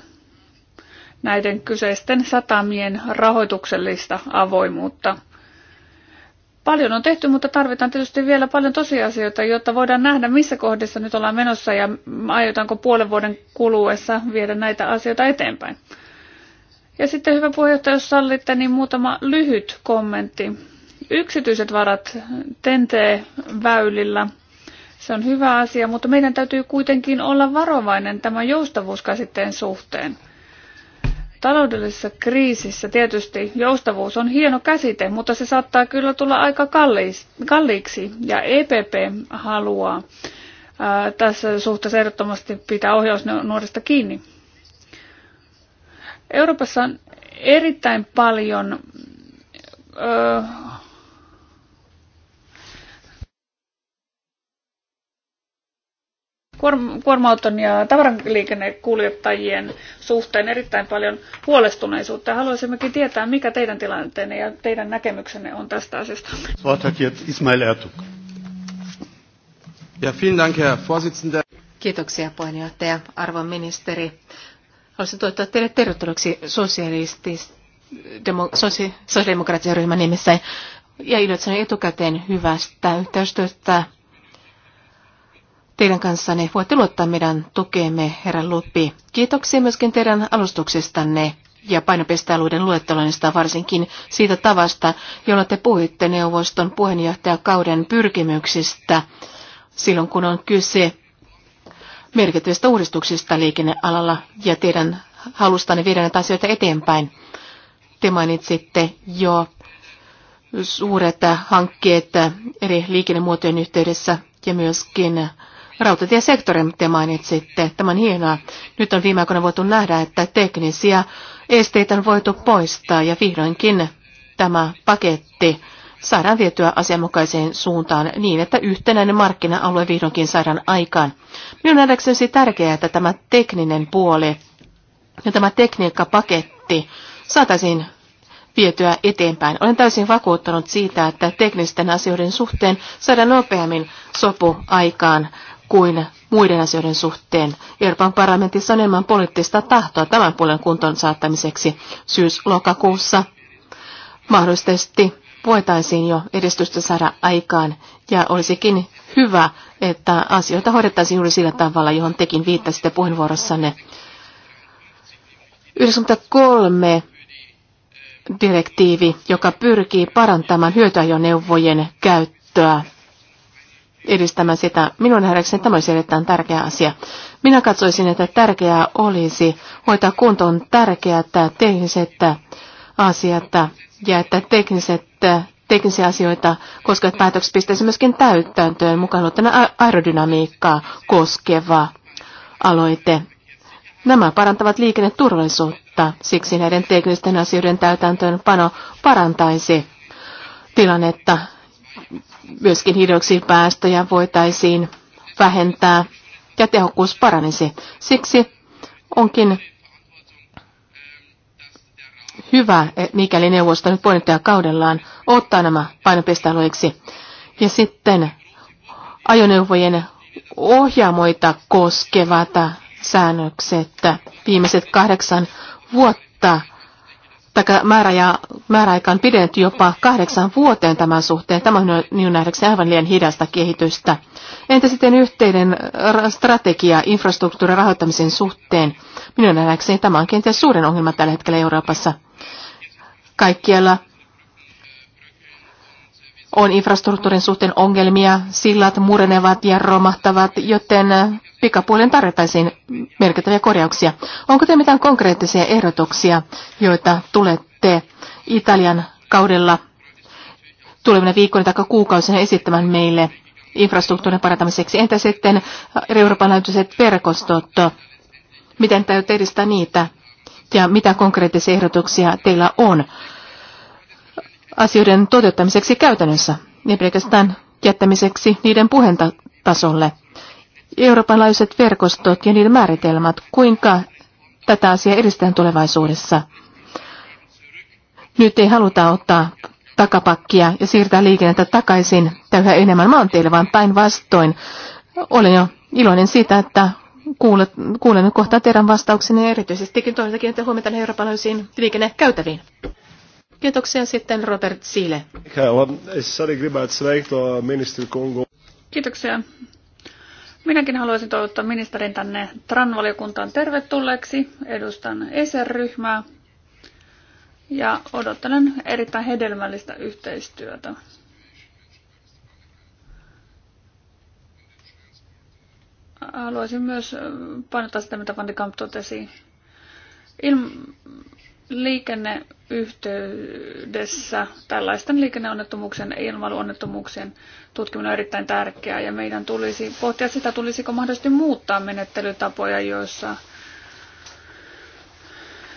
näiden kyseisten satamien rahoituksellista avoimuutta. Paljon on tehty, mutta tarvitaan tietysti vielä paljon tosiasioita, jotta voidaan nähdä, missä kohdissa nyt ollaan menossa ja aiotaanko puolen vuoden kuluessa viedä näitä asioita eteenpäin. Ja sitten hyvä puheenjohtaja, jos sallitte, niin muutama lyhyt kommentti yksityiset varat TENTE-väylillä. Se on hyvä asia, mutta meidän täytyy kuitenkin olla varovainen tämän joustavuuskäsitteen suhteen. Taloudellisessa kriisissä tietysti joustavuus on hieno käsite, mutta se saattaa kyllä tulla aika kalliiksi ja EPP haluaa ää, tässä suhteessa ehdottomasti pitää ohjausnuorista kiinni. Euroopassa on erittäin paljon kuorma-auton ja tavaraliikennekuljettajien suhteen erittäin paljon huolestuneisuutta. Haluaisimmekin tietää, mikä teidän tilanteenne ja teidän näkemyksenne on tästä asiasta. Ismail Ertug. Ja, vielen Dank, Herr Vorsitzender. Kiitoksia puheenjohtaja, arvon ministeri. Haluaisin toivottaa teille tervetulleeksi sosiaalidemokraattisen ryhmän nimissä ja iloitsen etukäteen hyvästä yhteistyöstä teidän kanssanne. Voitte luottaa meidän tukeemme, herra Luppi. Kiitoksia myöskin teidän alustuksestanne ja painopistealueiden luettelonista varsinkin siitä tavasta, jolla te puhuitte neuvoston puheenjohtajakauden pyrkimyksistä silloin, kun on kyse merkittävistä uudistuksista liikennealalla ja teidän halustanne viedä näitä asioita eteenpäin. Te mainitsitte jo suuret hankkeet eri liikennemuotojen yhteydessä ja myöskin rautatiesektorin te mainitsitte. Tämä on hienoa. Nyt on viime aikoina voitu nähdä, että teknisiä esteitä on voitu poistaa ja vihdoinkin tämä paketti saadaan vietyä asianmukaiseen suuntaan niin, että yhtenäinen markkina-alue vihdoinkin saadaan aikaan. Minun nähdäkseni tärkeää, että tämä tekninen puoli ja tämä tekniikkapaketti saataisiin vietyä eteenpäin. Olen täysin vakuuttunut siitä, että teknisten asioiden suhteen saadaan nopeammin sopu aikaan kuin muiden asioiden suhteen. Euroopan parlamentissa on enemmän poliittista tahtoa tämän puolen kuntoon saattamiseksi syys-lokakuussa. Mahdollisesti voitaisiin jo edistystä saada aikaan ja olisikin hyvä, että asioita hoidettaisiin juuri sillä tavalla, johon tekin viittasitte puheenvuorossanne. 93 direktiivi, joka pyrkii parantamaan hyötyajoneuvojen käyttöä edistämään sitä. Minun nähdäkseni tämä olisi erittäin tärkeä asia. Minä katsoisin, että tärkeää olisi hoitaa kuntoon tärkeät tekniset asiat ja että tekniset, teknisiä asioita koskevat päätökset pistäisi myöskin täyttäntöön mukaan ottaen aerodynamiikkaa koskeva aloite. Nämä parantavat liikenneturvallisuutta, siksi näiden teknisten asioiden täytäntöönpano parantaisi tilannetta myöskin hiilidioksidipäästöjä voitaisiin vähentää ja tehokkuus paranisi. Siksi onkin hyvä, eh, mikäli neuvosto nyt kaudellaan ottaa nämä painopistealueiksi. Ja sitten ajoneuvojen ohjaamoita koskevat säännökset. Viimeiset kahdeksan vuotta määrä ja, määräaika on pidennetty jopa kahdeksan vuoteen tämän suhteen. Tämä on minun nähdäkseni aivan liian hidasta kehitystä. Entä sitten yhteinen strategia infrastruktuurin rahoittamisen suhteen? Minun nähdäkseni tämä on kenties suurin ongelma tällä hetkellä Euroopassa. Kaikkialla on infrastruktuurin suhteen ongelmia, sillat murenevat ja romahtavat, joten äh, pikapuolen tarvittaisiin merkittäviä korjauksia. Onko teillä mitään konkreettisia ehdotuksia, joita tulette Italian kaudella tulevina viikkoina tai kuukausina esittämään meille infrastruktuurin parantamiseksi? Entä sitten äh, Euroopan laajuiset verkostot? Miten täytyy edistää niitä? Ja mitä konkreettisia ehdotuksia teillä on? asioiden toteuttamiseksi käytännössä, ei niin pelkästään jättämiseksi niiden puhentatasolle. Euroopan laajuiset verkostot ja niiden määritelmät, kuinka tätä asiaa edistetään tulevaisuudessa. Nyt ei haluta ottaa takapakkia ja siirtää liikennettä takaisin tai yhä enemmän maanteille, vaan päinvastoin. Olen jo iloinen siitä, että kuulet, kuulen kohta teidän vastauksenne ja erityisesti toivotakin, että huomioon eurooppalaisiin liikennekäytäviin. Kiitoksia sitten Robert Sile. Kiitoksia. Minäkin haluaisin toivottaa ministerin tänne TRAN-valiokuntaan tervetulleeksi. Edustan ESER-ryhmää ja odottelen erittäin hedelmällistä yhteistyötä. Haluaisin myös painottaa sitä, mitä Van de Kamp totesi. Ilm- liikenneyhteydessä tällaisten liikenneonnettomuuksien ja ilmailuonnettomuuksien tutkiminen on erittäin tärkeää ja meidän tulisi pohtia sitä, tulisiko mahdollisesti muuttaa menettelytapoja, joissa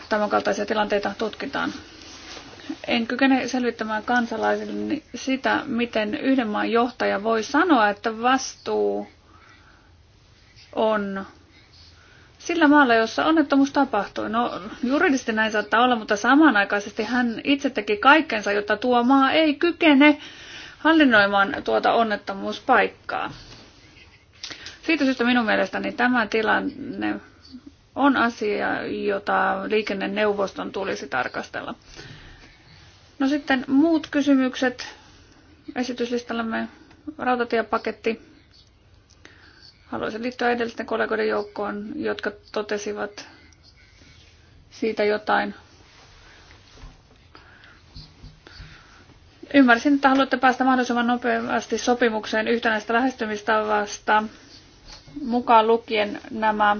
tämänkaltaisia tilanteita tutkitaan. En kykene selvittämään kansalaisille sitä, miten yhden maan johtaja voi sanoa, että vastuu on sillä maalla, jossa onnettomuus tapahtui. No, juridisesti näin saattaa olla, mutta samanaikaisesti hän itse teki kaikkensa, jotta tuo maa ei kykene hallinnoimaan tuota onnettomuuspaikkaa. Siitä syystä minun mielestäni tämä tilanne on asia, jota liikenneneuvoston tulisi tarkastella. No sitten muut kysymykset esityslistallamme. Rautatiepaketti Haluaisin liittyä edellisten kollegoiden joukkoon, jotka totesivat siitä jotain. Ymmärsin, että haluatte päästä mahdollisimman nopeasti sopimukseen yhtenäistä lähestymistavasta, mukaan lukien nämä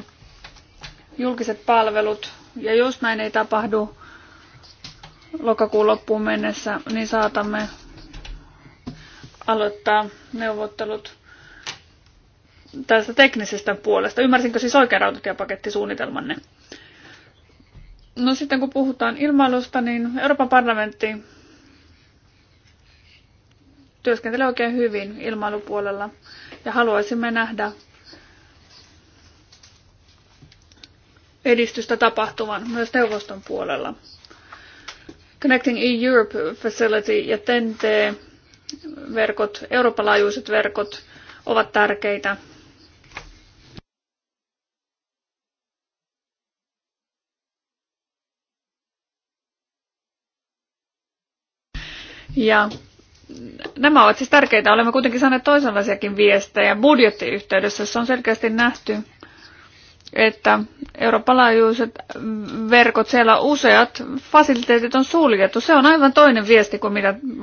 julkiset palvelut. Ja jos näin ei tapahdu lokakuun loppuun mennessä, niin saatamme aloittaa neuvottelut tästä teknisestä puolesta. Ymmärsinkö siis oikein rautatiepakettisuunnitelmanne? No sitten kun puhutaan ilmailusta, niin Euroopan parlamentti työskentelee oikein hyvin ilmailupuolella ja haluaisimme nähdä edistystä tapahtuvan myös neuvoston puolella. Connecting Europe Facility ja TEN-T verkot, eurooppalaajuiset verkot ovat tärkeitä Ja nämä ovat siis tärkeitä. Olemme kuitenkin saaneet toisenlaisiakin viestejä budjettiyhteydessä, se on selkeästi nähty, että Euroopan laajuiset verkot, siellä useat fasiliteetit on suljettu. Se on aivan toinen viesti kuin mitä on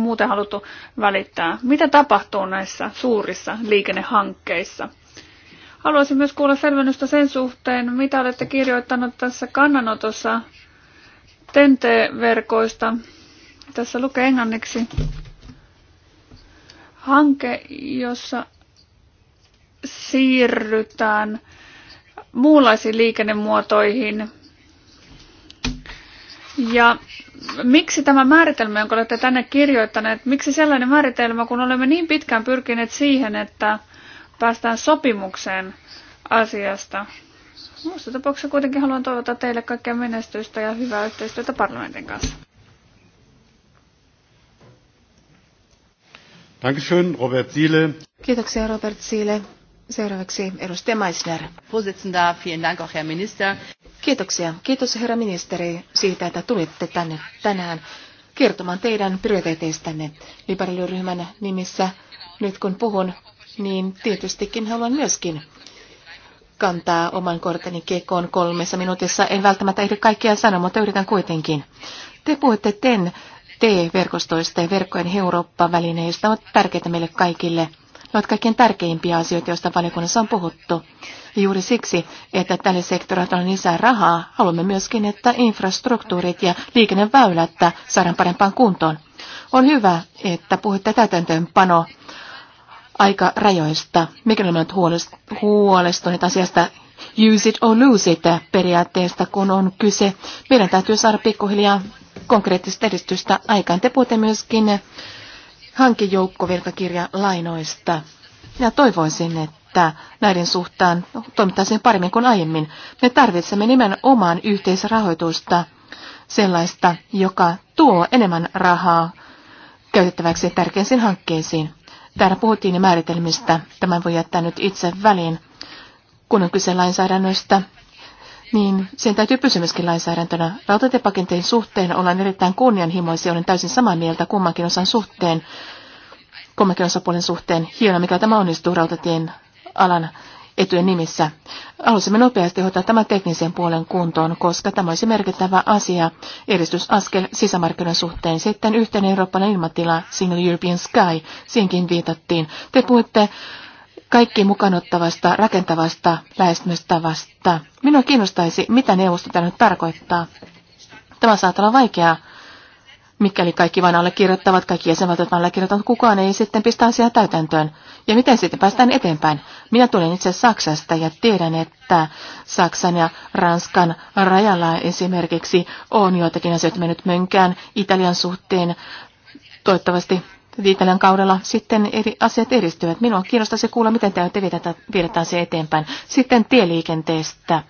muuten haluttu välittää. Mitä tapahtuu näissä suurissa liikennehankkeissa? Haluaisin myös kuulla selvennystä sen suhteen, mitä olette kirjoittanut tässä kannanotossa TENTE-verkoista tässä lukee englanniksi hanke, jossa siirrytään muunlaisiin liikennemuotoihin. Ja miksi tämä määritelmä, jonka olette tänne kirjoittaneet, miksi sellainen määritelmä, kun olemme niin pitkään pyrkineet siihen, että päästään sopimukseen asiasta? Muussa tapauksessa kuitenkin haluan toivottaa teille kaikkea menestystä ja hyvää yhteistyötä parlamentin kanssa. Dankeschön, Robert Ziele. Kiitoksia, Robert Ziele. Seuraavaksi edustaja Meissner. Kiitoksia. Kiitos herra ministeri siitä, että tulitte tänne tänään kertomaan teidän prioriteeteistanne liberaaliryhmän nimissä. Nyt kun puhun, niin tietystikin haluan myöskin kantaa oman korteni kekoon kolmessa minuutissa. En välttämättä ehdi kaikkia sanoa, mutta yritän kuitenkin. Te puhutte TEN TE-verkostoista ja verkkojen Eurooppa-välineistä ovat tärkeitä meille kaikille. Ne ovat kaikkein tärkeimpiä asioita, joista valiokunnassa on puhuttu. Ja juuri siksi, että tälle sektorilla on lisää rahaa, haluamme myöskin, että infrastruktuurit ja liikenneväylät saadaan parempaan kuntoon. On hyvä, että puhutte täytäntöönpano rajoista. Mikä olemme huolestuneet asiasta use it or lose it periaatteesta, kun on kyse. Meidän täytyy saada pikkuhiljaa konkreettista edistystä aikaan. Te puhutte myöskin lainoista Ja toivoisin, että näiden suhtaan toimittaisiin paremmin kuin aiemmin. Me tarvitsemme nimenomaan yhteisrahoitusta, sellaista, joka tuo enemmän rahaa käytettäväksi tärkeisiin hankkeisiin. Täällä puhuttiin määritelmistä, tämän voi jättää nyt itse väliin kun on kyse lainsäädännöstä, niin sen täytyy pysyä myöskin lainsäädäntönä. Rautatiepakenteen suhteen ollaan erittäin kunnianhimoisia, olen täysin samaa mieltä kummankin osan suhteen, kummankin osapuolen suhteen. Hienoa, mikä tämä onnistuu rautatien alan etujen nimissä. Haluaisimme nopeasti hoitaa tämän teknisen puolen kuntoon, koska tämä olisi merkittävä asia edistysaskel sisämarkkinoiden suhteen. Sitten yhteinen eurooppalainen ilmatila, Single European Sky, siinkin viitattiin. Te puhutte kaikki mukanottavasta, rakentavasta lähestymistavasta. Minua kiinnostaisi, mitä neuvosto tämä nyt tarkoittaa. Tämä saattaa olla vaikeaa, mikäli kaikki vain allekirjoittavat, kaikki jäsenvaltiot vain allekirjoittavat, kukaan ei sitten pistä asiaa täytäntöön. Ja miten sitten päästään eteenpäin? Minä tulen itse Saksasta ja tiedän, että Saksan ja Ranskan rajalla esimerkiksi on joitakin asioita mennyt mönkään Italian suhteen. Toivottavasti viitelen kaudella sitten eri asiat edistyvät. Minua kiinnostaisi kuulla, miten te viedetään se eteenpäin. Sitten tieliikenteestä.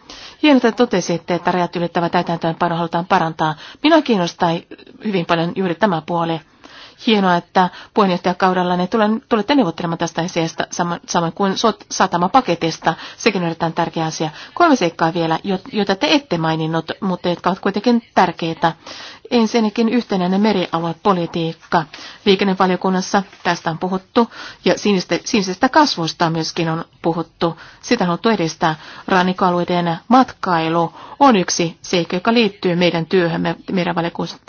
että totesitte, että rajat ylittävä täytäntöönpano halutaan parantaa. Minua kiinnostaa hyvin paljon juuri tämä puoli. Hienoa, että puheenjohtajakaudella ne tulette neuvottelemaan tästä asiasta samoin kuin satamapaketista. Sekin on erittäin tärkeä asia. Kolme seikkaa vielä, joita te ette maininnut, mutta jotka ovat kuitenkin tärkeitä. Ensinnäkin yhtenäinen merialuepolitiikka. Liikennevaliokunnassa tästä on puhuttu ja sinistä, sinisestä kasvusta myöskin on puhuttu. Sitä on haluttu edistää. Rannikkoalueiden matkailu on yksi seikka, joka liittyy meidän työhömme, meidän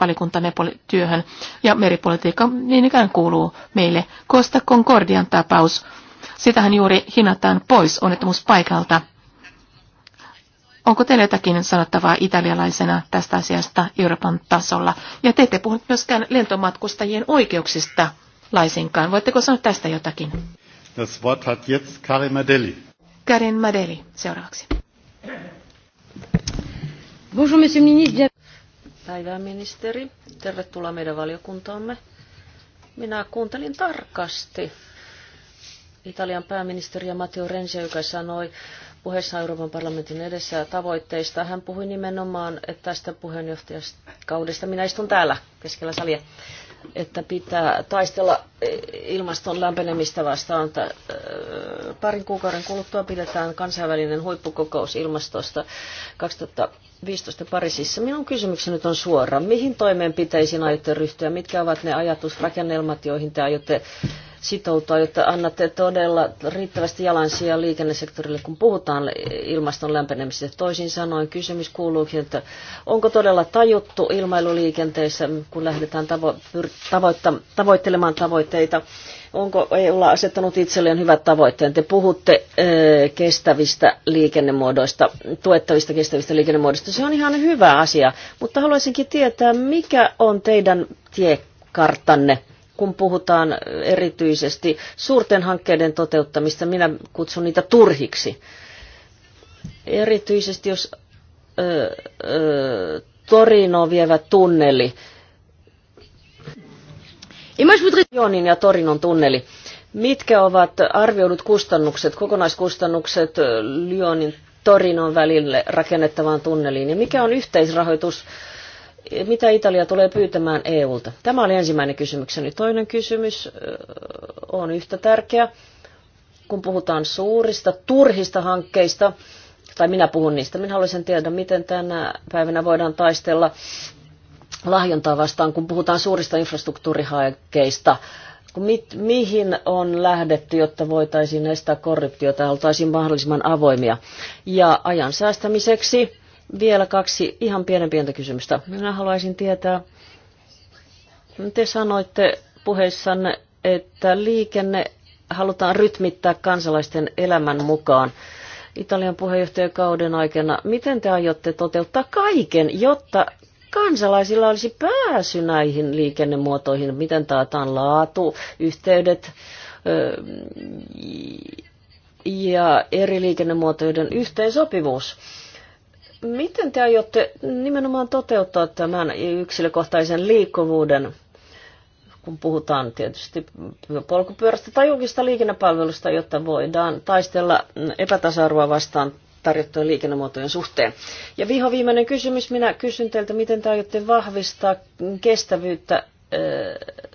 valikuntamme työhön. Ja meripolitiikka niin ikään kuuluu meille. Costa Concordian tapaus. Sitähän juuri hinataan pois onnettomuuspaikalta. Onko teillä jotakin sanottavaa italialaisena tästä asiasta Euroopan tasolla? Ja te ette puhu myöskään lentomatkustajien oikeuksista laisinkaan. Voitteko sanoa tästä jotakin? Das Wort hat jetzt Karin Madeli. Karin Madeli, seuraavaksi. Bonjour, monsieur ministre. Päivää ministeri. Tervetuloa meidän valiokuntaamme. Minä kuuntelin tarkasti Italian pääministeriä Matteo Renzi, joka sanoi puheessa Euroopan parlamentin edessä ja tavoitteista. Hän puhui nimenomaan että tästä puheenjohtajakaudesta. Minä istun täällä keskellä salia että pitää taistella e, ilmaston lämpenemistä vastaan. E, parin kuukauden kuluttua pidetään kansainvälinen huippukokous ilmastosta 2015 Pariisissa. Minun kysymykseni nyt on suora. Mihin pitäisi aiotte ryhtyä? Mitkä ovat ne ajatusrakennelmat, joihin te aiotte sitoutua, jotta annatte todella riittävästi jalansijaa liikennesektorille, kun puhutaan ilmaston lämpenemisestä. Toisin sanoen kysymys kuuluukin, että onko todella tajuttu ilmailuliikenteessä, kun lähdetään tavo- tavoitta- tavoittelemaan tavoitteita, onko EUlla asettanut itselleen hyvät tavoitteet? Te puhutte ö, kestävistä liikennemuodoista, tuettavista kestävistä liikennemuodoista. Se on ihan hyvä asia, mutta haluaisinkin tietää, mikä on teidän tiekarttanne kun puhutaan erityisesti suurten hankkeiden toteuttamista, minä kutsun niitä turhiksi. Erityisesti jos ö, ö, Torino vievä tunneli, Jonin ja Torinon tunneli, mitkä ovat arvioidut kustannukset, kokonaiskustannukset Lyonin Torinon välille rakennettavaan tunneliin ja mikä on yhteisrahoitus mitä Italia tulee pyytämään EUlta? Tämä oli ensimmäinen kysymykseni. Toinen kysymys on yhtä tärkeä. Kun puhutaan suurista, turhista hankkeista, tai minä puhun niistä, minä haluaisin tiedä, miten tänä päivänä voidaan taistella lahjontaa vastaan, kun puhutaan suurista infrastruktuurihankkeista. Mit, mihin on lähdetty, jotta voitaisiin estää korruptiota ja oltaisiin mahdollisimman avoimia? Ja ajan säästämiseksi vielä kaksi ihan pienen pientä kysymystä. Minä haluaisin tietää, te sanoitte puheissanne, että liikenne halutaan rytmittää kansalaisten elämän mukaan. Italian puheenjohtajakauden aikana, miten te aiotte toteuttaa kaiken, jotta kansalaisilla olisi pääsy näihin liikennemuotoihin? Miten taataan laatu, yhteydet ja eri liikennemuotoiden yhteensopivuus? Miten te aiotte nimenomaan toteuttaa tämän yksilökohtaisen liikkuvuuden, kun puhutaan tietysti polkupyörästä tai julkista liikennepalvelusta, jotta voidaan taistella epätasa-arvoa vastaan tarjottujen liikennemuotojen suhteen. Ja viho viimeinen kysymys, minä kysyn teiltä, miten te aiotte vahvistaa kestävyyttä, eh,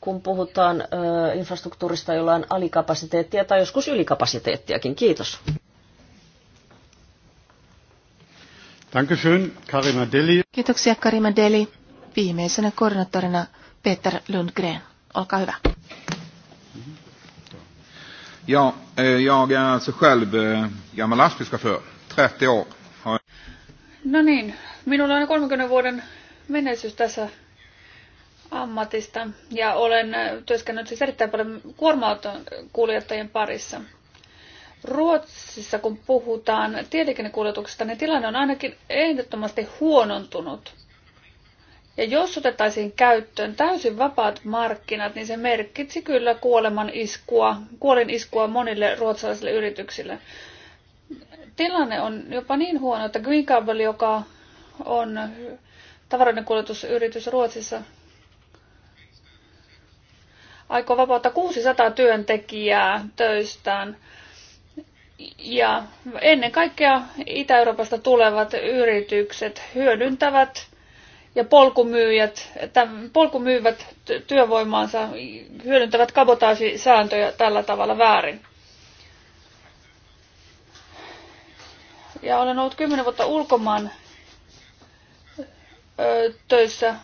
kun puhutaan eh, infrastruktuurista, jolla on alikapasiteettia tai joskus ylikapasiteettiakin. Kiitos. Kiitoksia Karima Deli. Viimeisenä koordinaattorina Peter Lundgren. Olkaa hyvä. Ja, eh, jag är alltså själv eh, gammal lastbilschaufför, 30 år. No niin, minulla on 30 vuoden menestys tässä ammatista ja olen eh, työskennellyt siis erittäin paljon kuorma kuljettajien parissa. Ruotsissa, kun puhutaan tieliikennekuljetuksesta, niin tilanne on ainakin ehdottomasti huonontunut. Ja jos otettaisiin käyttöön täysin vapaat markkinat, niin se merkitsi kyllä kuoleman iskua, kuolin iskua monille ruotsalaisille yrityksille. Tilanne on jopa niin huono, että Green Cable, joka on tavaroiden kuljetusyritys Ruotsissa, aikoo vapauttaa 600 työntekijää töistään – ja ennen kaikkea Itä-Euroopasta tulevat yritykset hyödyntävät ja polkumyyjät, polkumyyvät työvoimaansa hyödyntävät kabotaasisääntöjä tällä tavalla väärin. Ja olen ollut kymmenen vuotta ulkomaan töissä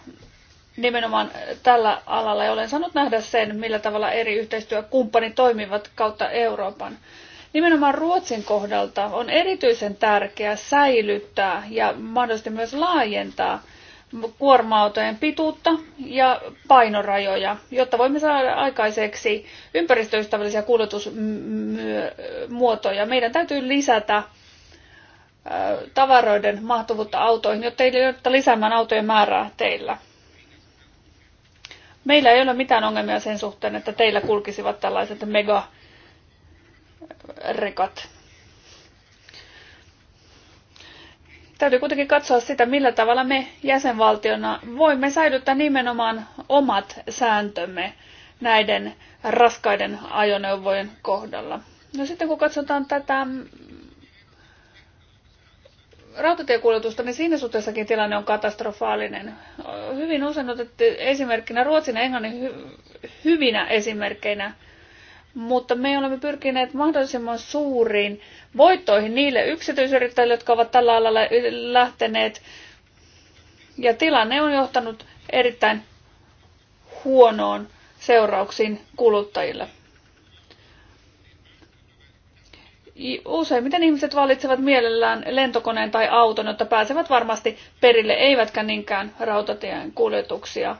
nimenomaan tällä alalla ja olen saanut nähdä sen, millä tavalla eri yhteistyökumppanit toimivat kautta Euroopan. Nimenomaan Ruotsin kohdalta on erityisen tärkeää säilyttää ja mahdollisesti myös laajentaa kuorma-autojen pituutta ja painorajoja, jotta voimme saada aikaiseksi ympäristöystävällisiä kuljetusmuotoja. Meidän täytyy lisätä tavaroiden mahtuvuutta autoihin, jotta ei lisäämään autojen määrää teillä. Meillä ei ole mitään ongelmia sen suhteen, että teillä kulkisivat tällaiset mega rekat. Täytyy kuitenkin katsoa sitä, millä tavalla me jäsenvaltiona voimme säilyttää nimenomaan omat sääntömme näiden raskaiden ajoneuvojen kohdalla. No sitten kun katsotaan tätä rautatiekuljetusta, niin siinä suhteessakin tilanne on katastrofaalinen. Hyvin usein otettiin esimerkkinä Ruotsin ja Englannin hy- hyvinä esimerkkeinä mutta me olemme pyrkineet mahdollisimman suuriin voittoihin niille yksityisyrittäjille, jotka ovat tällä alalla lähteneet. Ja tilanne on johtanut erittäin huonoon seurauksiin kuluttajille. Useimmiten ihmiset valitsevat mielellään lentokoneen tai auton, jotta pääsevät varmasti perille, eivätkä niinkään rautatien kuljetuksia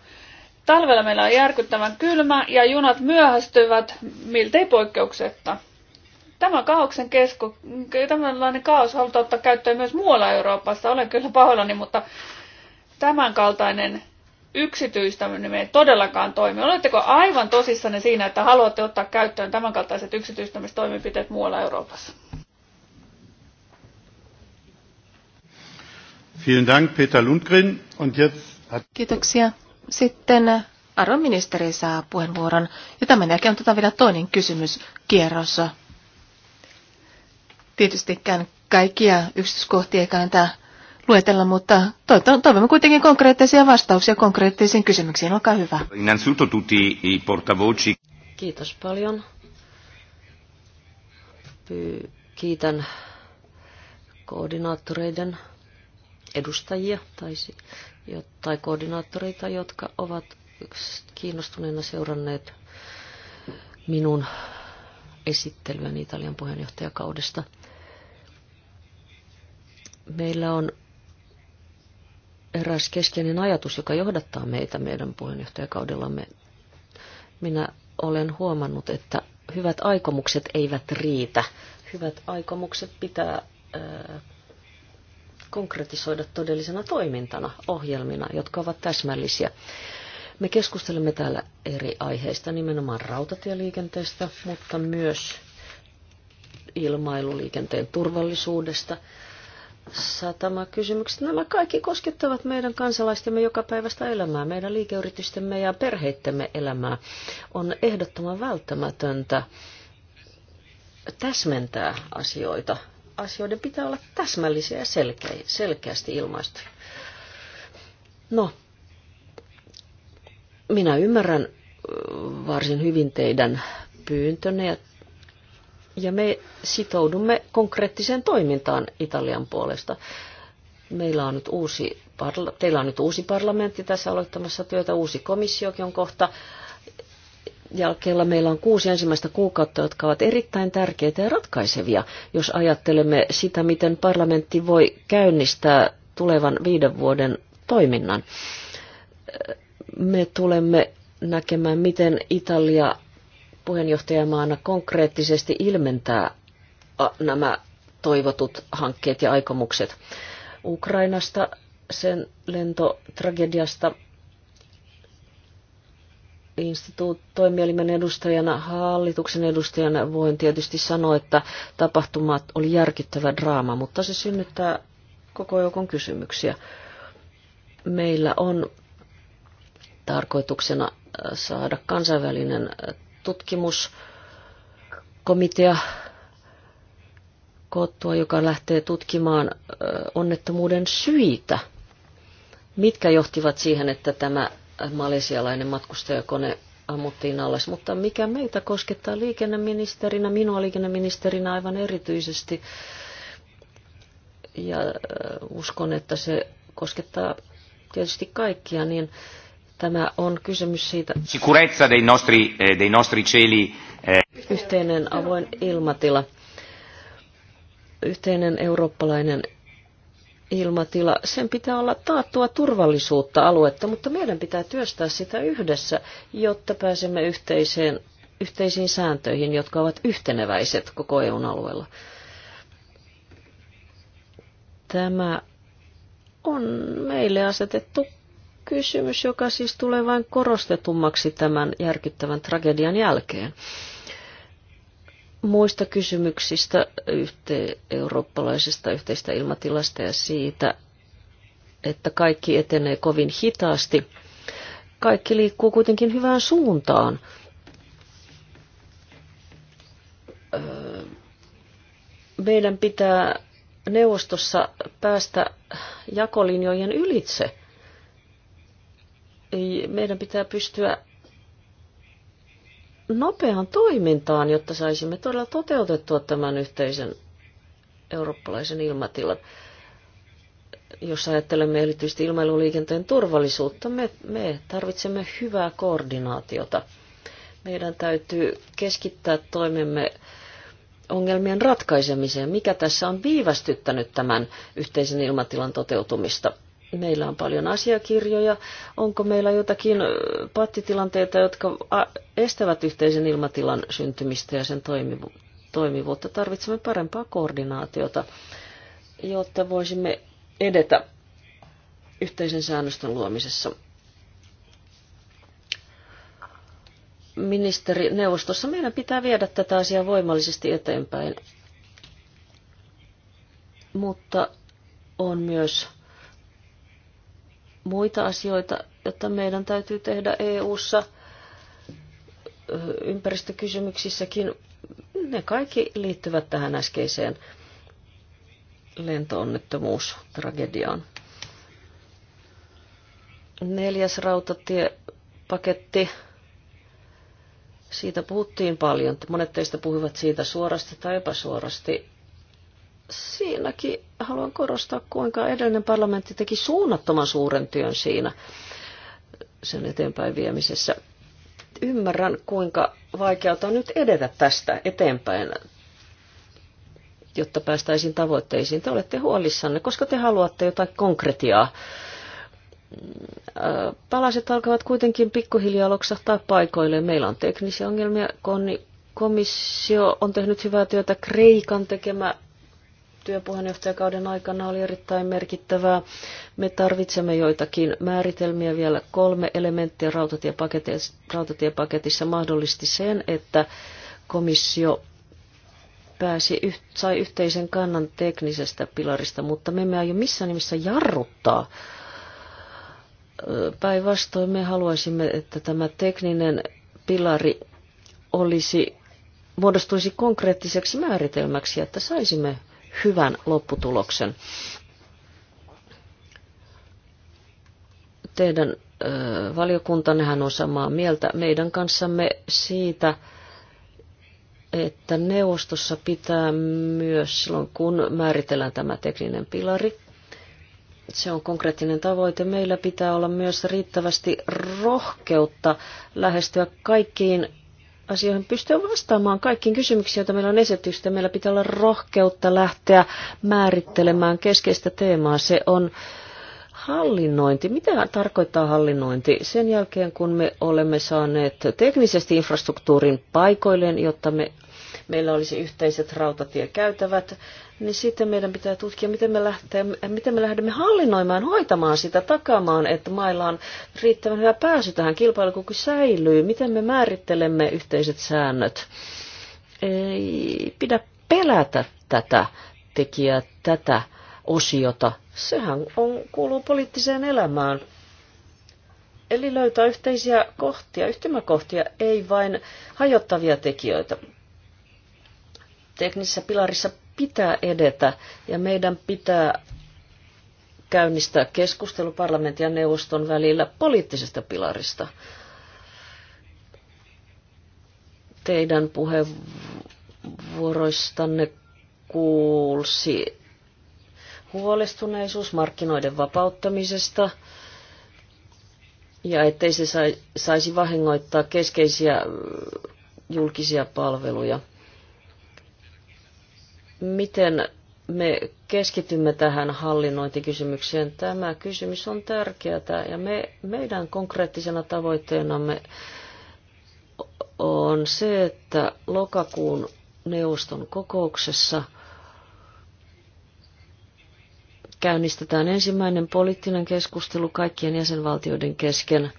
Talvella meillä on järkyttävän kylmä ja junat myöhästyvät miltei poikkeuksetta. Tämä kaauksen kesku... tämänlainen kaos halutaan ottaa käyttöön myös muualla Euroopassa. Olen kyllä pahoillani, mutta tämänkaltainen yksityistäminen ei todellakaan toimi. Oletteko aivan tosissanne siinä, että haluatte ottaa käyttöön tämänkaltaiset yksityistämistoimenpiteet muualla Euroopassa? Vielen Dank, Peter Lundgren. Und jetzt hat... Kiitoksia. Sitten arvon ministeri saa puheenvuoron. Ja tämän jälkeen otetaan vielä toinen kysymys kierrossa. Tietystikään kaikkia yksityiskohtia ei kannata luetella, mutta toivomme kuitenkin konkreettisia vastauksia konkreettisiin kysymyksiin. Olkaa hyvä. Kiitos paljon. Kiitän koordinaattoreiden edustajia tai tai koordinaattoreita, jotka ovat kiinnostuneena seuranneet minun esittelyäni Italian puheenjohtajakaudesta. Meillä on eräs keskeinen ajatus, joka johdattaa meitä meidän puheenjohtajakaudellamme. Minä olen huomannut, että hyvät aikomukset eivät riitä. Hyvät aikomukset pitää konkretisoida todellisena toimintana, ohjelmina, jotka ovat täsmällisiä. Me keskustelemme täällä eri aiheista, nimenomaan rautatieliikenteestä, mutta myös ilmailuliikenteen turvallisuudesta, kysymykset, Nämä kaikki koskettavat meidän kansalaistemme joka päivästä elämää, meidän liikeyritystemme ja perheittemme elämää. On ehdottoman välttämätöntä täsmentää asioita asioiden pitää olla täsmällisiä ja selkeä, selkeästi ilmaistuja. No, minä ymmärrän varsin hyvin teidän pyyntönne ja, ja me sitoudumme konkreettiseen toimintaan Italian puolesta. Meillä on nyt uusi, teillä on nyt uusi parlamentti tässä aloittamassa työtä, uusi komissiokin on kohta jälkeellä meillä on kuusi ensimmäistä kuukautta, jotka ovat erittäin tärkeitä ja ratkaisevia, jos ajattelemme sitä, miten parlamentti voi käynnistää tulevan viiden vuoden toiminnan. Me tulemme näkemään, miten Italia puheenjohtajamaana konkreettisesti ilmentää nämä toivotut hankkeet ja aikomukset. Ukrainasta, sen lentotragediasta instituuttoimielimen edustajana, hallituksen edustajana voin tietysti sanoa, että tapahtumat oli järkyttävä draama, mutta se synnyttää koko joukon kysymyksiä. Meillä on tarkoituksena äh, saada kansainvälinen äh, tutkimuskomitea koottua, joka lähtee tutkimaan äh, onnettomuuden syitä, mitkä johtivat siihen, että tämä malesialainen matkustajakone ammuttiin alas. Mutta mikä meitä koskettaa liikenneministerinä, minua liikenneministerinä aivan erityisesti, ja äh, uskon, että se koskettaa tietysti kaikkia, niin tämä on kysymys siitä sicurezza dei nostri, eh, dei nostri cieli, eh. yhteinen avoin ilmatila, yhteinen eurooppalainen ilmatila, sen pitää olla taattua turvallisuutta aluetta, mutta meidän pitää työstää sitä yhdessä, jotta pääsemme yhteiseen, yhteisiin sääntöihin, jotka ovat yhteneväiset koko EUn alueella. Tämä on meille asetettu kysymys, joka siis tulee vain korostetummaksi tämän järkyttävän tragedian jälkeen muista kysymyksistä yhte, eurooppalaisesta yhteistä ilmatilasta ja siitä, että kaikki etenee kovin hitaasti. Kaikki liikkuu kuitenkin hyvään suuntaan. Öö, meidän pitää neuvostossa päästä jakolinjojen ylitse. Meidän pitää pystyä nopeaan toimintaan, jotta saisimme todella toteutettua tämän yhteisen eurooppalaisen ilmatilan. Jos ajattelemme erityisesti ilmailuliikenteen turvallisuutta, me, me tarvitsemme hyvää koordinaatiota. Meidän täytyy keskittää toimemme ongelmien ratkaisemiseen. Mikä tässä on viivästyttänyt tämän yhteisen ilmatilan toteutumista? Meillä on paljon asiakirjoja. Onko meillä jotakin pattitilanteita, jotka estävät yhteisen ilmatilan syntymistä ja sen toimivuutta? Tarvitsemme parempaa koordinaatiota, jotta voisimme edetä yhteisen säännöstön luomisessa. Ministeri neuvostossa meidän pitää viedä tätä asiaa voimallisesti eteenpäin, mutta on myös muita asioita, joita meidän täytyy tehdä EU-ssa ympäristökysymyksissäkin. Ne kaikki liittyvät tähän äskeiseen lentoonnettomuustragediaan. Neljäs rautatiepaketti. Siitä puhuttiin paljon. Monet teistä puhuivat siitä suorasti tai epäsuorasti siinäkin haluan korostaa, kuinka edellinen parlamentti teki suunnattoman suuren työn siinä sen eteenpäin viemisessä. Ymmärrän, kuinka vaikeata on nyt edetä tästä eteenpäin, jotta päästäisiin tavoitteisiin. Te olette huolissanne, koska te haluatte jotain konkretiaa. Palaset alkavat kuitenkin pikkuhiljaa loksahtaa paikoilleen. Meillä on teknisiä ongelmia, komissio on tehnyt hyvää työtä. Kreikan tekemä puheenjohtajakauden aikana oli erittäin merkittävää. Me tarvitsemme joitakin määritelmiä vielä kolme elementtiä rautatiepaketissa, rautatiepaketissa mahdollisti sen, että komissio pääsi, sai yhteisen kannan teknisestä pilarista, mutta me emme aio missään nimessä jarruttaa. Päinvastoin me haluaisimme, että tämä tekninen pilari olisi, muodostuisi konkreettiseksi määritelmäksi, että saisimme hyvän lopputuloksen. Teidän valiokuntannehan on samaa mieltä meidän kanssamme siitä, että neuvostossa pitää myös silloin, kun määritellään tämä tekninen pilari, se on konkreettinen tavoite. Meillä pitää olla myös riittävästi rohkeutta lähestyä kaikkiin asioihin pystyä vastaamaan kaikkiin kysymyksiin, joita meillä on esitystä. Meillä pitää olla rohkeutta lähteä määrittelemään keskeistä teemaa. Se on hallinnointi. Mitä tarkoittaa hallinnointi? Sen jälkeen, kun me olemme saaneet teknisesti infrastruktuurin paikoilleen, jotta me, meillä olisi yhteiset rautatiekäytävät, niin sitten meidän pitää tutkia, miten me, lähtee, miten me lähdemme hallinnoimaan, hoitamaan sitä, takaamaan, että mailla on riittävän hyvä pääsy tähän kilpailukyky säilyy, miten me määrittelemme yhteiset säännöt. Ei pidä pelätä tätä tekijää, tätä osiota. Sehän on, kuuluu poliittiseen elämään. Eli löytää yhteisiä kohtia, yhtymäkohtia, ei vain hajottavia tekijöitä. Teknisessä pilarissa pitää edetä ja meidän pitää käynnistää keskustelu parlamentin ja neuvoston välillä poliittisesta pilarista. Teidän puheenvuoroistanne kuulsi huolestuneisuus markkinoiden vapauttamisesta ja ettei se saisi vahingoittaa keskeisiä julkisia palveluja – miten me keskitymme tähän hallinnointikysymykseen. Tämä kysymys on tärkeää ja me, meidän konkreettisena tavoitteenamme on se, että lokakuun neuvoston kokouksessa käynnistetään ensimmäinen poliittinen keskustelu kaikkien jäsenvaltioiden kesken –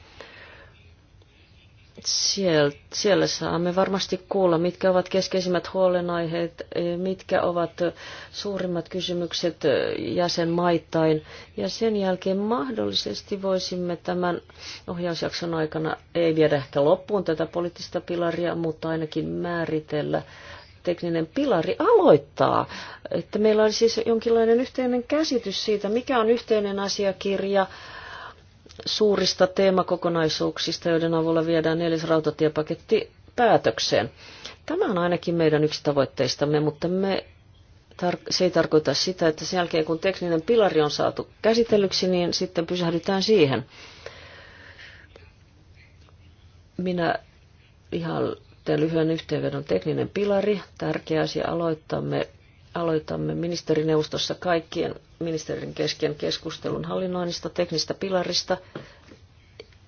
siellä saamme varmasti kuulla, mitkä ovat keskeisimmät huolenaiheet, eh, mitkä ovat eh, suurimmat kysymykset eh, jäsenmaittain. Ja sen jälkeen mahdollisesti voisimme tämän ohjausjakson aikana, ei viedä ehkä loppuun tätä poliittista pilaria, mutta ainakin määritellä tekninen pilari aloittaa. Että meillä olisi siis jonkinlainen yhteinen käsitys siitä, mikä on yhteinen asiakirja, suurista teemakokonaisuuksista, joiden avulla viedään neljäs rautatiepaketti päätökseen. Tämä on ainakin meidän yksi tavoitteistamme, mutta me se ei tarkoita sitä, että sen jälkeen kun tekninen pilari on saatu käsitellyksi, niin sitten pysähdytään siihen. Minä ihan teen lyhyen yhteenvedon tekninen pilari. Tärkeä asia aloittamme aloitamme ministerineuvostossa kaikkien ministerin kesken keskustelun hallinnoinnista, teknistä pilarista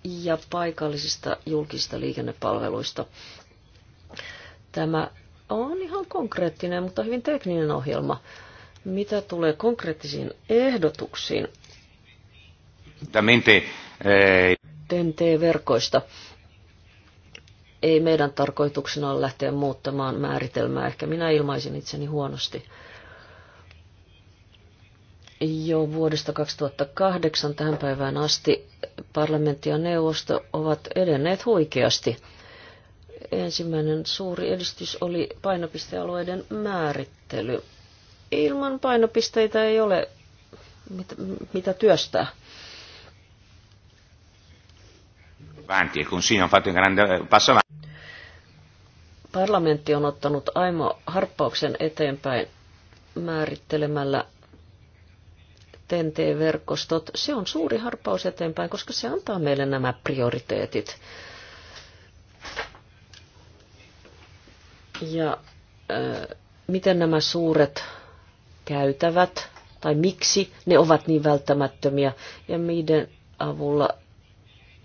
ja paikallisista julkisista liikennepalveluista. Tämä on ihan konkreettinen, mutta hyvin tekninen ohjelma. Mitä tulee konkreettisiin ehdotuksiin? Tämä eh, t verkoista ei meidän tarkoituksena ole lähteä muuttamaan määritelmää. Ehkä minä ilmaisin itseni huonosti. Jo vuodesta 2008 tähän päivään asti parlamentti ja neuvosto ovat edenneet huikeasti. Ensimmäinen suuri edistys oli painopistealueiden määrittely. Ilman painopisteitä ei ole mitä, mitä työstää. avanti e il Consiglio ha fatto un grande eh, passo avanti. Parlamentti on ottanut aimo harppauksen eteenpäin määrittelemällä TNT-verkostot. Se on suuri harppaus eteenpäin, koska se antaa meille nämä prioriteetit. Ja äh, miten nämä suuret käytävät, tai miksi ne ovat niin välttämättömiä, ja miten avulla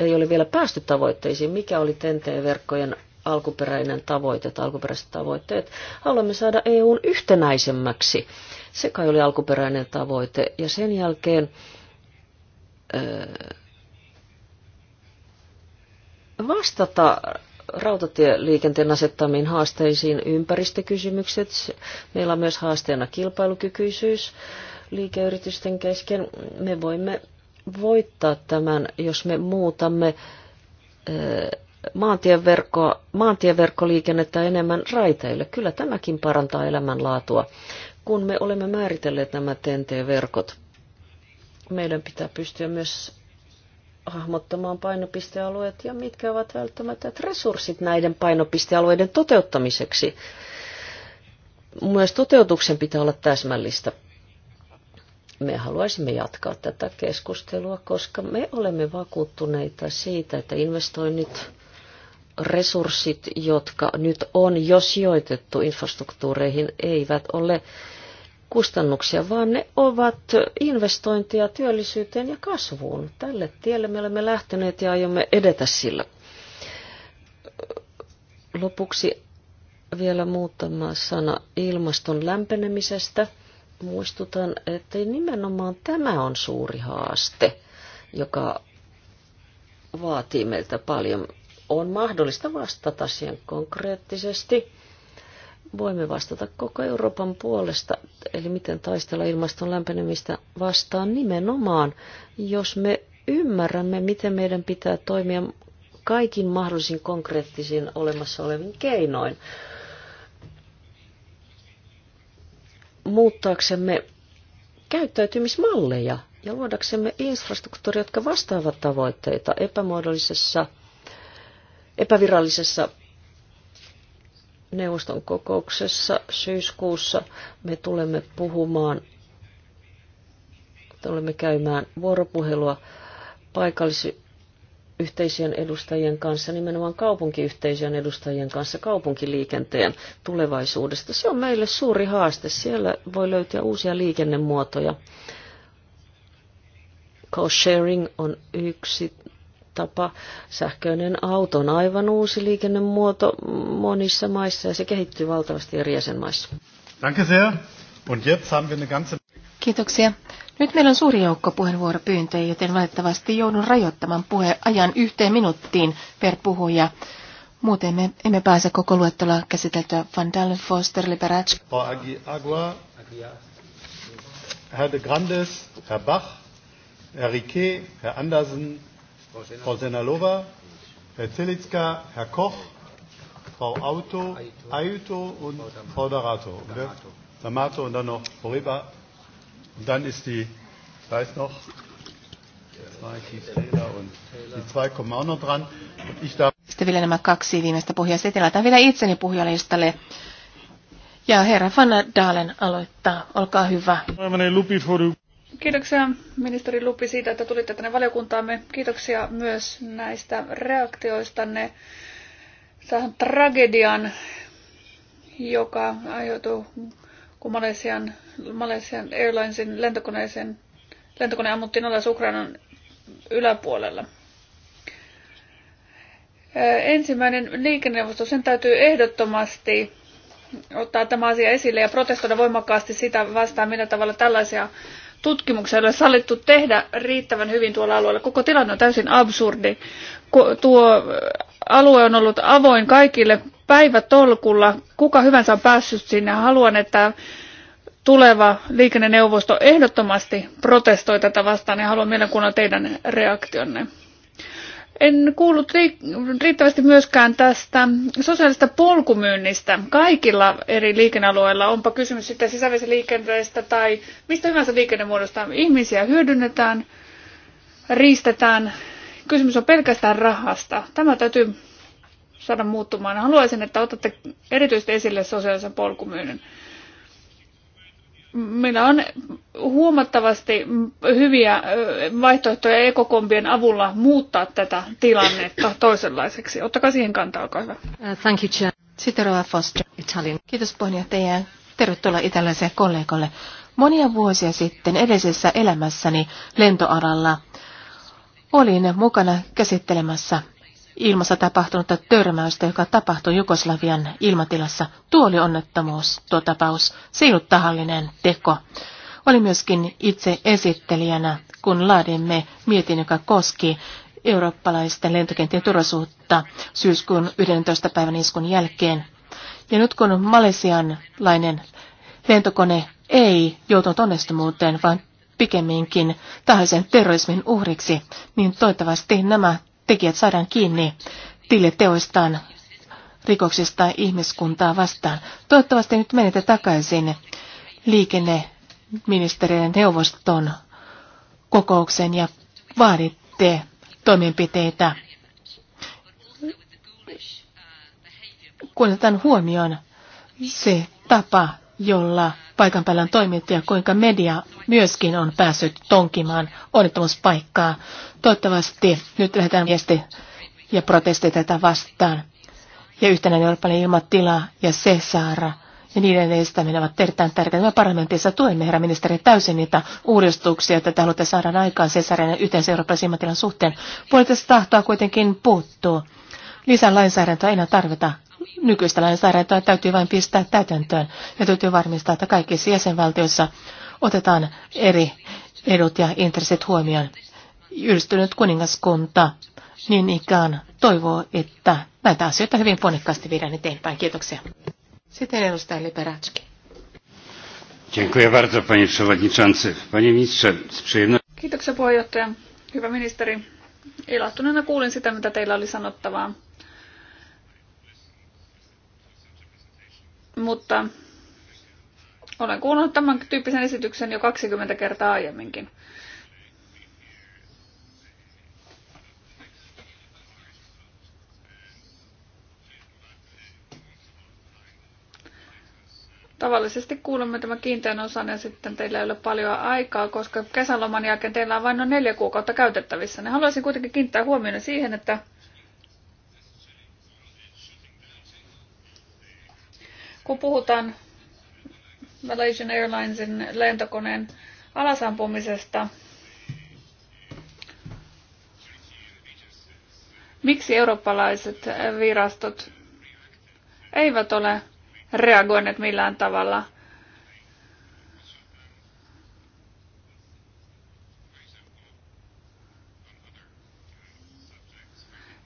ei ole vielä päästy tavoitteisiin. Mikä oli TNT-verkkojen alkuperäinen tavoite tai alkuperäiset tavoitteet? Haluamme saada EUn yhtenäisemmäksi. Se kai oli alkuperäinen tavoite. Ja sen jälkeen vastata rautatieliikenteen asettamiin haasteisiin ympäristökysymykset. Meillä on myös haasteena kilpailukykyisyys liikeyritysten kesken. Me voimme voittaa tämän, jos me muutamme maantieverkko, maantieverkkoliikennettä enemmän raiteille. Kyllä tämäkin parantaa elämänlaatua. Kun me olemme määritelleet nämä TNT-verkot, meidän pitää pystyä myös hahmottamaan painopistealueet ja mitkä ovat välttämättömät resurssit näiden painopistealueiden toteuttamiseksi. Myös toteutuksen pitää olla täsmällistä me haluaisimme jatkaa tätä keskustelua, koska me olemme vakuuttuneita siitä, että investoinnit, resurssit, jotka nyt on jo sijoitettu infrastruktuureihin, eivät ole kustannuksia, vaan ne ovat investointia työllisyyteen ja kasvuun. Tälle tielle me olemme lähteneet ja aiomme edetä sillä. Lopuksi vielä muutama sana ilmaston lämpenemisestä – muistutan, että nimenomaan tämä on suuri haaste, joka vaatii meiltä paljon. On mahdollista vastata siihen konkreettisesti. Voimme vastata koko Euroopan puolesta, eli miten taistella ilmaston lämpenemistä vastaan nimenomaan, jos me ymmärrämme, miten meidän pitää toimia kaikin mahdollisin konkreettisin olemassa olevin keinoin. muuttaaksemme käyttäytymismalleja ja luodaksemme infrastruktuuria, jotka vastaavat tavoitteita epämuodollisessa, epävirallisessa neuvoston kokouksessa syyskuussa me tulemme puhumaan, tulemme käymään vuoropuhelua paikallis- yhteisön edustajien kanssa, nimenomaan kaupunkiyhteisön edustajien kanssa kaupunkiliikenteen tulevaisuudesta. Se on meille suuri haaste. Siellä voi löytyä uusia liikennemuotoja. Co-sharing on yksi tapa. Sähköinen auto on aivan uusi liikennemuoto monissa maissa ja se kehittyy valtavasti eri jäsenmaissa. Danke sehr. Und jetzt haben wir eine ganze... Kiitoksia. Nyt meillä on suuri joukko puheenvuoropyyntöjä, joten valitettavasti joudun rajoittamaan puheajan yhteen minuuttiin per puhuja. Muuten me emme pääse koko luettelua käsiteltyä Van Dalen, Foster, Liberac. Agua, Herr de Grandes, Herr Bach, Herr Riquet, Herr Andersen, Frau Senalova, Herr Zelitska, Herr Koch, Frau Auto, Aito und Frau D'Amato. D'Amato und dann noch Poreba Und dann ist die, da noch zwei und die zwei kommen auch noch dran. Und ich darf Sitten vielä nämä kaksi viimeistä puhujaa. Sitten laitan vielä itseni puhujalistalle. Ja herra Van Dalen aloittaa. Olkaa hyvä. Kiitoksia ministeri Lupi siitä, että tulitte tänne valiokuntaamme. Kiitoksia myös näistä reaktioistanne tähän tragedian, joka aiheutui kun Malesian, Malesian Airlinesin lentokoneeseen, lentokone ammuttiin alas Ukrainan yläpuolella. Äh, ensimmäinen liikenneuvosto, sen täytyy ehdottomasti ottaa tämä asia esille ja protestoida voimakkaasti sitä vastaan, millä tavalla tällaisia tutkimuksia ei ole sallittu tehdä riittävän hyvin tuolla alueella. Koko tilanne on täysin absurdi tuo äh, alue on ollut avoin kaikille päivätolkulla. Kuka hyvänsä on päässyt sinne. Haluan, että tuleva liikenneneuvosto ehdottomasti protestoi tätä vastaan ja haluan mielen kuulla teidän reaktionne. En kuullut riittävästi myöskään tästä sosiaalista polkumyynnistä kaikilla eri liikennealueilla, onpa kysymys sitten sisävesiliikenteestä tai mistä hyvänsä liikennemuodosta. Ihmisiä hyödynnetään, riistetään kysymys on pelkästään rahasta. Tämä täytyy saada muuttumaan. Haluaisin, että otatte erityisesti esille sosiaalisen polkumyynnin. Meillä on huomattavasti hyviä vaihtoehtoja ekokombien avulla muuttaa tätä tilannetta toisenlaiseksi. Ottakaa siihen kantaa, olkaa hyvä. Uh, thank you, Chair. Citroa Foster, Italian. Kiitos puheenjohtaja. Tervetuloa italialaiselle kollegalle. Monia vuosia sitten edellisessä elämässäni lentoaralla Olin mukana käsittelemässä ilmassa tapahtunutta törmäystä, joka tapahtui Jugoslavian ilmatilassa. Tuo oli onnettomuus, tuo tapaus. Se ei ollut tahallinen teko. Oli myöskin itse esittelijänä, kun laadimme mietin, joka koski eurooppalaisten lentokenttien turvallisuutta syyskuun 11. päivän iskun jälkeen. Ja nyt kun malesianlainen lentokone ei joutunut onnistumuuteen, vaan pikemminkin tahallisen terrorismin uhriksi, niin toivottavasti nämä tekijät saadaan kiinni teoistaan rikoksista ihmiskuntaa vastaan. Toivottavasti nyt menette takaisin liikenneministeriön neuvoston kokouksen ja vaaditte toimenpiteitä. Kun otan huomioon se tapa, jolla paikan päällä on ja kuinka media myöskin on päässyt tonkimaan onnettomuuspaikkaa. Toivottavasti nyt lähdetään viesti ja protesti tätä vastaan. Ja yhtenäinen eurooppalainen ilmatila ja se saara ja niiden estäminen ovat erittäin tärkeitä. Me parlamentissa tuemme, herra ministeri, täysin niitä uudistuksia, että haluatte saada aikaan Cesarin ja yhteisen eurooppalaisen ilmatilan suhteen. Poliittista tahtoa kuitenkin puuttuu. Lisää lainsäädäntöä enää tarvita nykyistä lainsäädäntöä täytyy vain pistää täytäntöön ja täytyy varmistaa, että kaikissa jäsenvaltioissa otetaan eri edut ja intressit huomioon. Yhdistynyt kuningaskunta niin ikään toivoo, että näitä asioita hyvin ponnekkaasti viedään eteenpäin. Kiitoksia. Sitten edustaja Liberatski. Kiitoksia puheenjohtaja. Hyvä ministeri. Ilahtuneena kuulin sitä, mitä teillä oli sanottavaa Mutta olen kuunnellut tämän tyyppisen esityksen jo 20 kertaa aiemminkin. Tavallisesti kuulemme tämän kiinteän osan ja sitten teillä ei ole paljon aikaa, koska kesäloman jälkeen teillä on vain noin neljä kuukautta käytettävissä. Ne niin haluaisin kuitenkin kiinnittää huomioon siihen, että kun puhutaan Malaysian Airlinesin lentokoneen alasampumisesta, miksi eurooppalaiset virastot eivät ole reagoineet millään tavalla –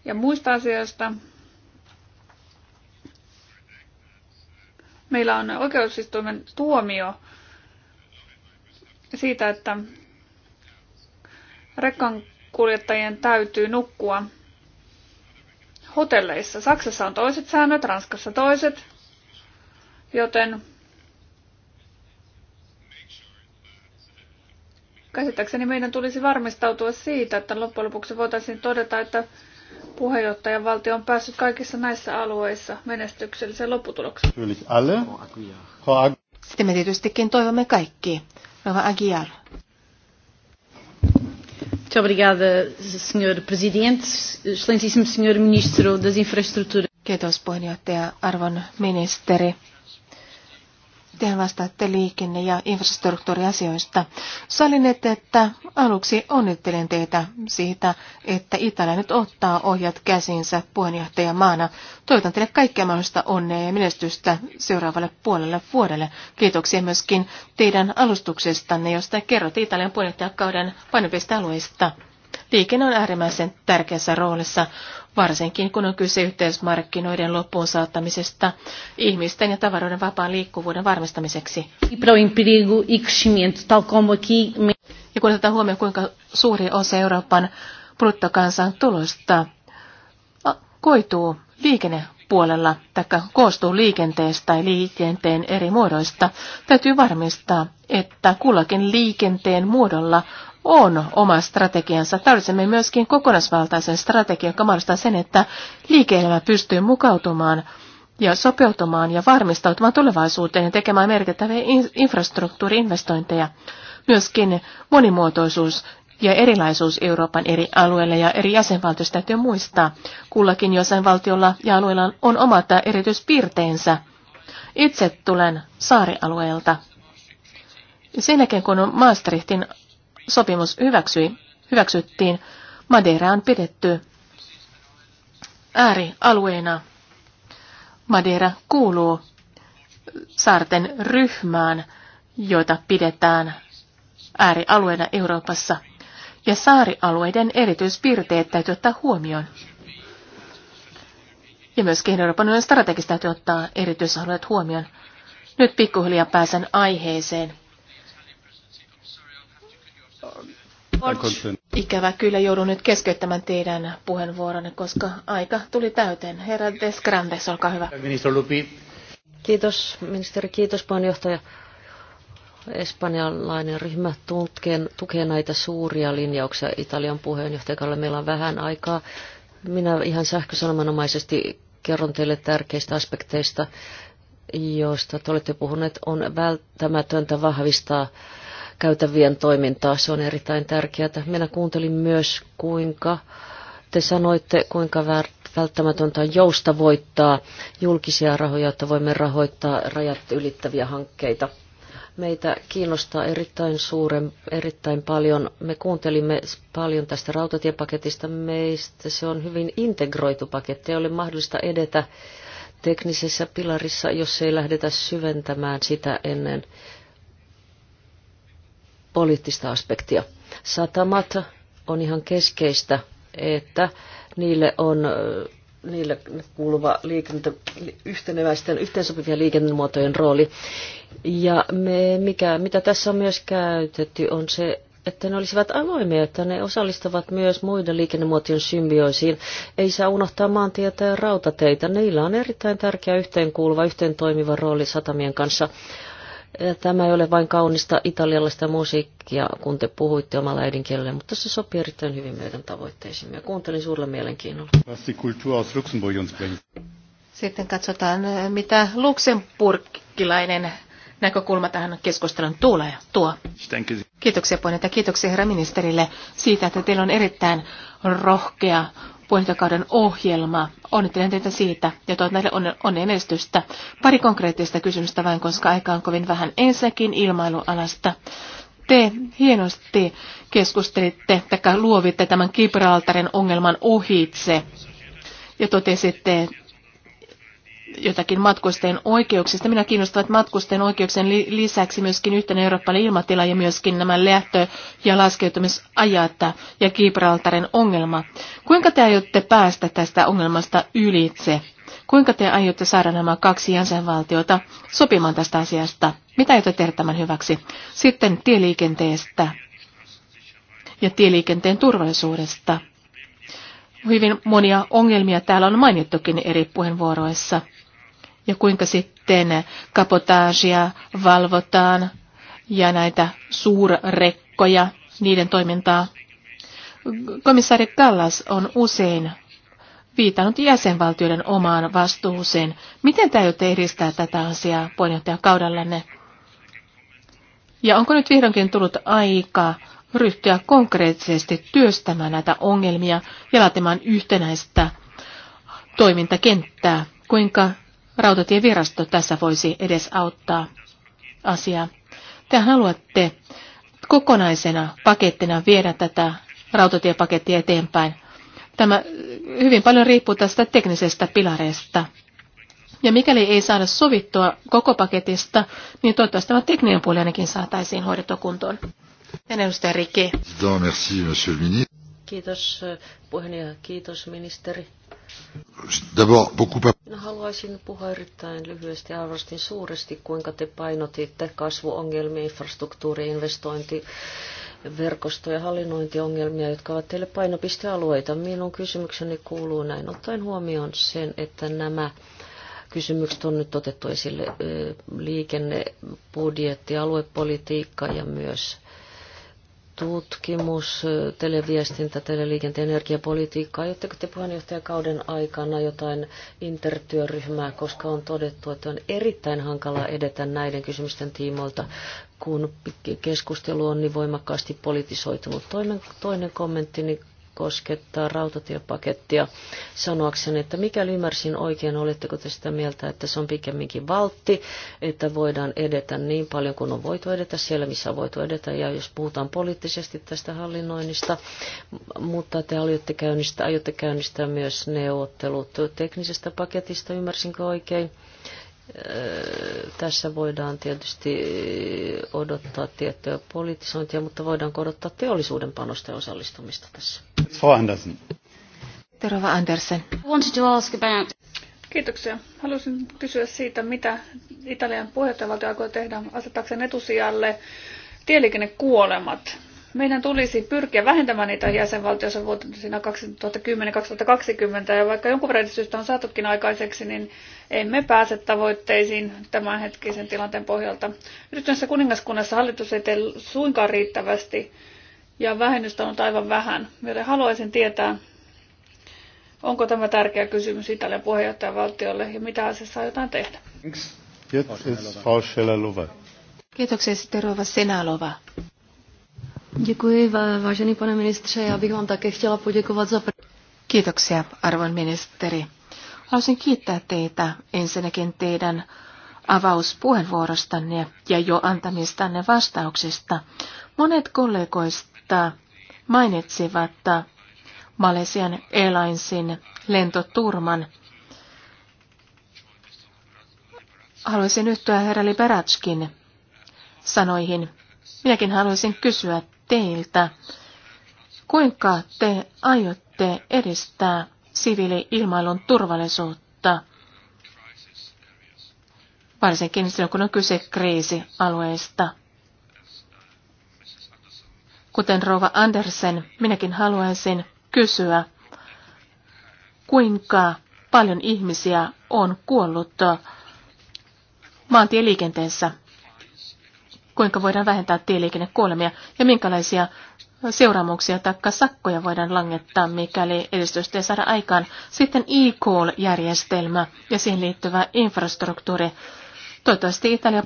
ja muista asioista. Meillä on oikeusistuimen tuomio siitä, että rekkan kuljettajien täytyy nukkua hotelleissa. Saksassa on toiset säännöt, Ranskassa toiset, joten käsittääkseni meidän tulisi varmistautua siitä, että loppujen lopuksi voitaisiin todeta, että puheenjohtajan valtio on päässyt kaikissa näissä alueissa menestykselliseen lopputulokseen. Oh, Sitten me tietystikin toivomme kaikki. Rova Aguiar. Muito obrigada, Sr. Presidente. Excelentíssimo Sr. Ministro das Infraestruturas. Kiitos puheenjohtaja, arvon ministeri. Tehän vastaatte liikenne- ja infrastruktuuriasioista. Sallinet, että aluksi onnittelen teitä siitä, että Italia nyt ottaa ohjat käsinsä puheenjohtajamaana. Toivotan teille kaikkea mahdollista onnea ja menestystä seuraavalle puolelle vuodelle. Kiitoksia myöskin teidän alustuksestanne, josta kerrot Italian puheenjohtajakauden painopistealueista. Liikenne on äärimmäisen tärkeässä roolissa, varsinkin kun on kyse yhteismarkkinoiden loppuun saattamisesta ihmisten ja tavaroiden vapaan liikkuvuuden varmistamiseksi. E e ja kun otetaan huomioon, kuinka suuri osa Euroopan bruttokansan tulosta koituu liikennepuolella tai koostuu liikenteestä tai liikenteen eri muodoista, täytyy varmistaa, että kullakin liikenteen muodolla on oma strategiansa. Tarvitsemme myöskin kokonaisvaltaisen strategian, joka mahdollistaa sen, että liike-elämä pystyy mukautumaan ja sopeutumaan ja varmistautumaan tulevaisuuteen ja tekemään merkittäviä infrastruktuuriinvestointeja. Myöskin monimuotoisuus ja erilaisuus Euroopan eri alueilla ja eri jäsenvaltioista täytyy muistaa. Kullakin jäsenvaltiolla ja alueella on omat erityispiirteensä. Itse tulen saarialueelta. Sen jälkeen kun Maastrichtin sopimus hyväksyi, hyväksyttiin, Madeira on pidetty äärialueena. Madeira kuuluu saarten ryhmään, joita pidetään äärialueena Euroopassa. Ja saarialueiden erityispiirteet täytyy ottaa huomioon. Ja myös Euroopan unionin strategista täytyy ottaa erityisalueet huomioon. Nyt pikkuhiljaa pääsen aiheeseen. Ikävä kyllä joudun nyt keskeyttämään teidän puheenvuoronne, koska aika tuli täyteen. Herra Desgrandes, olkaa hyvä. Kiitos, ministeri, kiitos puheenjohtaja. Espanjalainen ryhmä tukee, tukee näitä suuria linjauksia Italian puheenjohtajakaudella. Meillä on vähän aikaa. Minä ihan sähkösanomanomaisesti kerron teille tärkeistä aspekteista, joista te olette puhuneet. On välttämätöntä vahvistaa käytävien toimintaa. Se on erittäin tärkeää. Minä kuuntelin myös, kuinka te sanoitte, kuinka välttämätöntä on joustavoittaa julkisia rahoja, että voimme rahoittaa rajat ylittäviä hankkeita. Meitä kiinnostaa erittäin suuren, erittäin paljon. Me kuuntelimme paljon tästä rautatiepaketista. Meistä se on hyvin integroitu paketti. Ei ole mahdollista edetä teknisessä pilarissa, jos ei lähdetä syventämään sitä ennen poliittista aspektia. Satamat on ihan keskeistä, että niille on niille kuuluva liikennettä, yhteneväisten, yhteensopivien liikennemuotojen rooli. Ja me, mikä, mitä tässä on myös käytetty, on se, että ne olisivat avoimia, että ne osallistavat myös muiden liikennemuotojen symbioisiin. Ei saa unohtaa maantietä ja rautateitä. Niillä on erittäin tärkeä yhteenkuuluva, yhteentoimiva rooli satamien kanssa. Tämä ei ole vain kaunista italialaista musiikkia, kun te puhuitte omalla äidinkielellä, mutta se sopii erittäin hyvin meidän tavoitteisiimme. Kuuntelin suurella mielenkiinnolla. Sitten katsotaan, mitä luksemburgilainen näkökulma tähän keskustelun tulee tuo. Kiitoksia puheenjohtaja, kiitoksia herra ministerille siitä, että teillä on erittäin rohkea puheenjohtajakauden ohjelma. Onnittelen teitä siitä ja toivon näille onnen edistystä. Pari konkreettista kysymystä vain, koska aika on kovin vähän. Ensinnäkin ilmailualasta. Te hienosti keskustelitte, tai luovitte tämän Gibraltarin ongelman ohitse ja totesitte, jotakin matkustajien oikeuksista. Minä kiinnostavat matkustajien oikeuksien lisäksi myöskin yhtenä Euroopan ilmatila ja myöskin nämä lähtö- ja laskeutumisajat ja Gibraltarin ongelma. Kuinka te aiotte päästä tästä ongelmasta ylitse? Kuinka te aiotte saada nämä kaksi jäsenvaltiota sopimaan tästä asiasta? Mitä aiotte tehdä tämän hyväksi? Sitten tieliikenteestä ja tieliikenteen turvallisuudesta. Hyvin monia ongelmia täällä on mainittukin eri puheenvuoroissa ja kuinka sitten kapotaasia valvotaan ja näitä suurrekkoja, niiden toimintaa. Komissaari Kallas on usein viitannut jäsenvaltioiden omaan vastuuseen. Miten te aiotte edistää tätä asiaa kaudellanne? Ja onko nyt vihdoinkin tullut aika ryhtyä konkreettisesti työstämään näitä ongelmia ja laatimaan yhtenäistä toimintakenttää? Kuinka Rautatievirasto tässä voisi edes auttaa asiaa. Te haluatte kokonaisena pakettina viedä tätä rautatiepakettia eteenpäin. Tämä hyvin paljon riippuu tästä teknisestä pilareesta. Ja mikäli ei saada sovittua koko paketista, niin toivottavasti tämä tekninen puoli ainakin saataisiin hoidettua kuntoon. edustaja Rikki. Kiitos puheenjohtaja, kiitos ministeri. Haluaisin puhua erittäin lyhyesti. Arvostin suuresti, kuinka te painotitte kasvuongelmia, investointi, verkosto- ja hallinnointiongelmia, jotka ovat teille painopistealueita. Minun kysymykseni kuuluu näin, ottaen huomioon sen, että nämä kysymykset on nyt otettu esille liikennebudjetti, aluepolitiikka ja myös tutkimus, televiestintä, teleliikenteen energiapolitiikkaa. Aiotteko te puheenjohtajakauden aikana jotain intertyöryhmää, koska on todettu, että on erittäin hankala edetä näiden kysymysten tiimoilta, kun keskustelu on niin voimakkaasti politisoitunut. Toinen, toinen kommentti, niin koskettaa rautatiepakettia sanoakseni, että mikäli ymmärsin oikein, oletteko te sitä mieltä, että se on pikemminkin valtti, että voidaan edetä niin paljon kuin on voitu edetä siellä, missä on voitu edetä, ja jos puhutaan poliittisesti tästä hallinnoinnista, mutta te aiotte käynnistää, aiotte käynnistää myös neuvottelut teknisestä paketista, ymmärsinkö oikein? tässä voidaan tietysti odottaa tiettyä politisointia, mutta voidaan odottaa teollisuuden panosta ja osallistumista tässä. Frau Andersen. Terova Andersen. Wanted to ask about... Kiitoksia. Haluaisin kysyä siitä, mitä Italian puheenjohtajavaltio aikoo tehdä asettaakseen etusijalle tieliikennekuolemat meidän tulisi pyrkiä vähentämään niitä jäsenvaltioissa vuotena 2010-2020 ja vaikka jonkun verran on saatukin aikaiseksi, niin emme pääse tavoitteisiin tämänhetkisen tilanteen pohjalta. Yhdistyneessä kuningaskunnassa hallitus ei tee suinkaan riittävästi ja vähennystä on aivan vähän, joten haluaisin tietää, onko tämä tärkeä kysymys Italian puheenjohtajavaltiolle ja mitä asiassa aiotaan tehdä. Kiitoksia sitten Senalova. Kiitoksia, arvon ministeri. Haluaisin kiittää teitä ensinnäkin teidän avauspuheenvuorostanne ja jo antamistanne vastauksista. Monet kollegoista mainitsivat Malesian Airlinesin lentoturman. Haluaisin yhtyä herra Liberatskin sanoihin. Minäkin haluaisin kysyä teiltä, kuinka te aiotte edistää siviili-ilmailun turvallisuutta, varsinkin silloin, kun on kyse kriisialueista. Kuten Rova Andersen, minäkin haluaisin kysyä, kuinka paljon ihmisiä on kuollut maantieliikenteessä kuinka voidaan vähentää tieliikennekuolemia ja minkälaisia seuraamuksia tai sakkoja voidaan langettaa, mikäli edistystä ei saada aikaan. Sitten e-call-järjestelmä ja siihen liittyvä infrastruktuuri. Toivottavasti Italia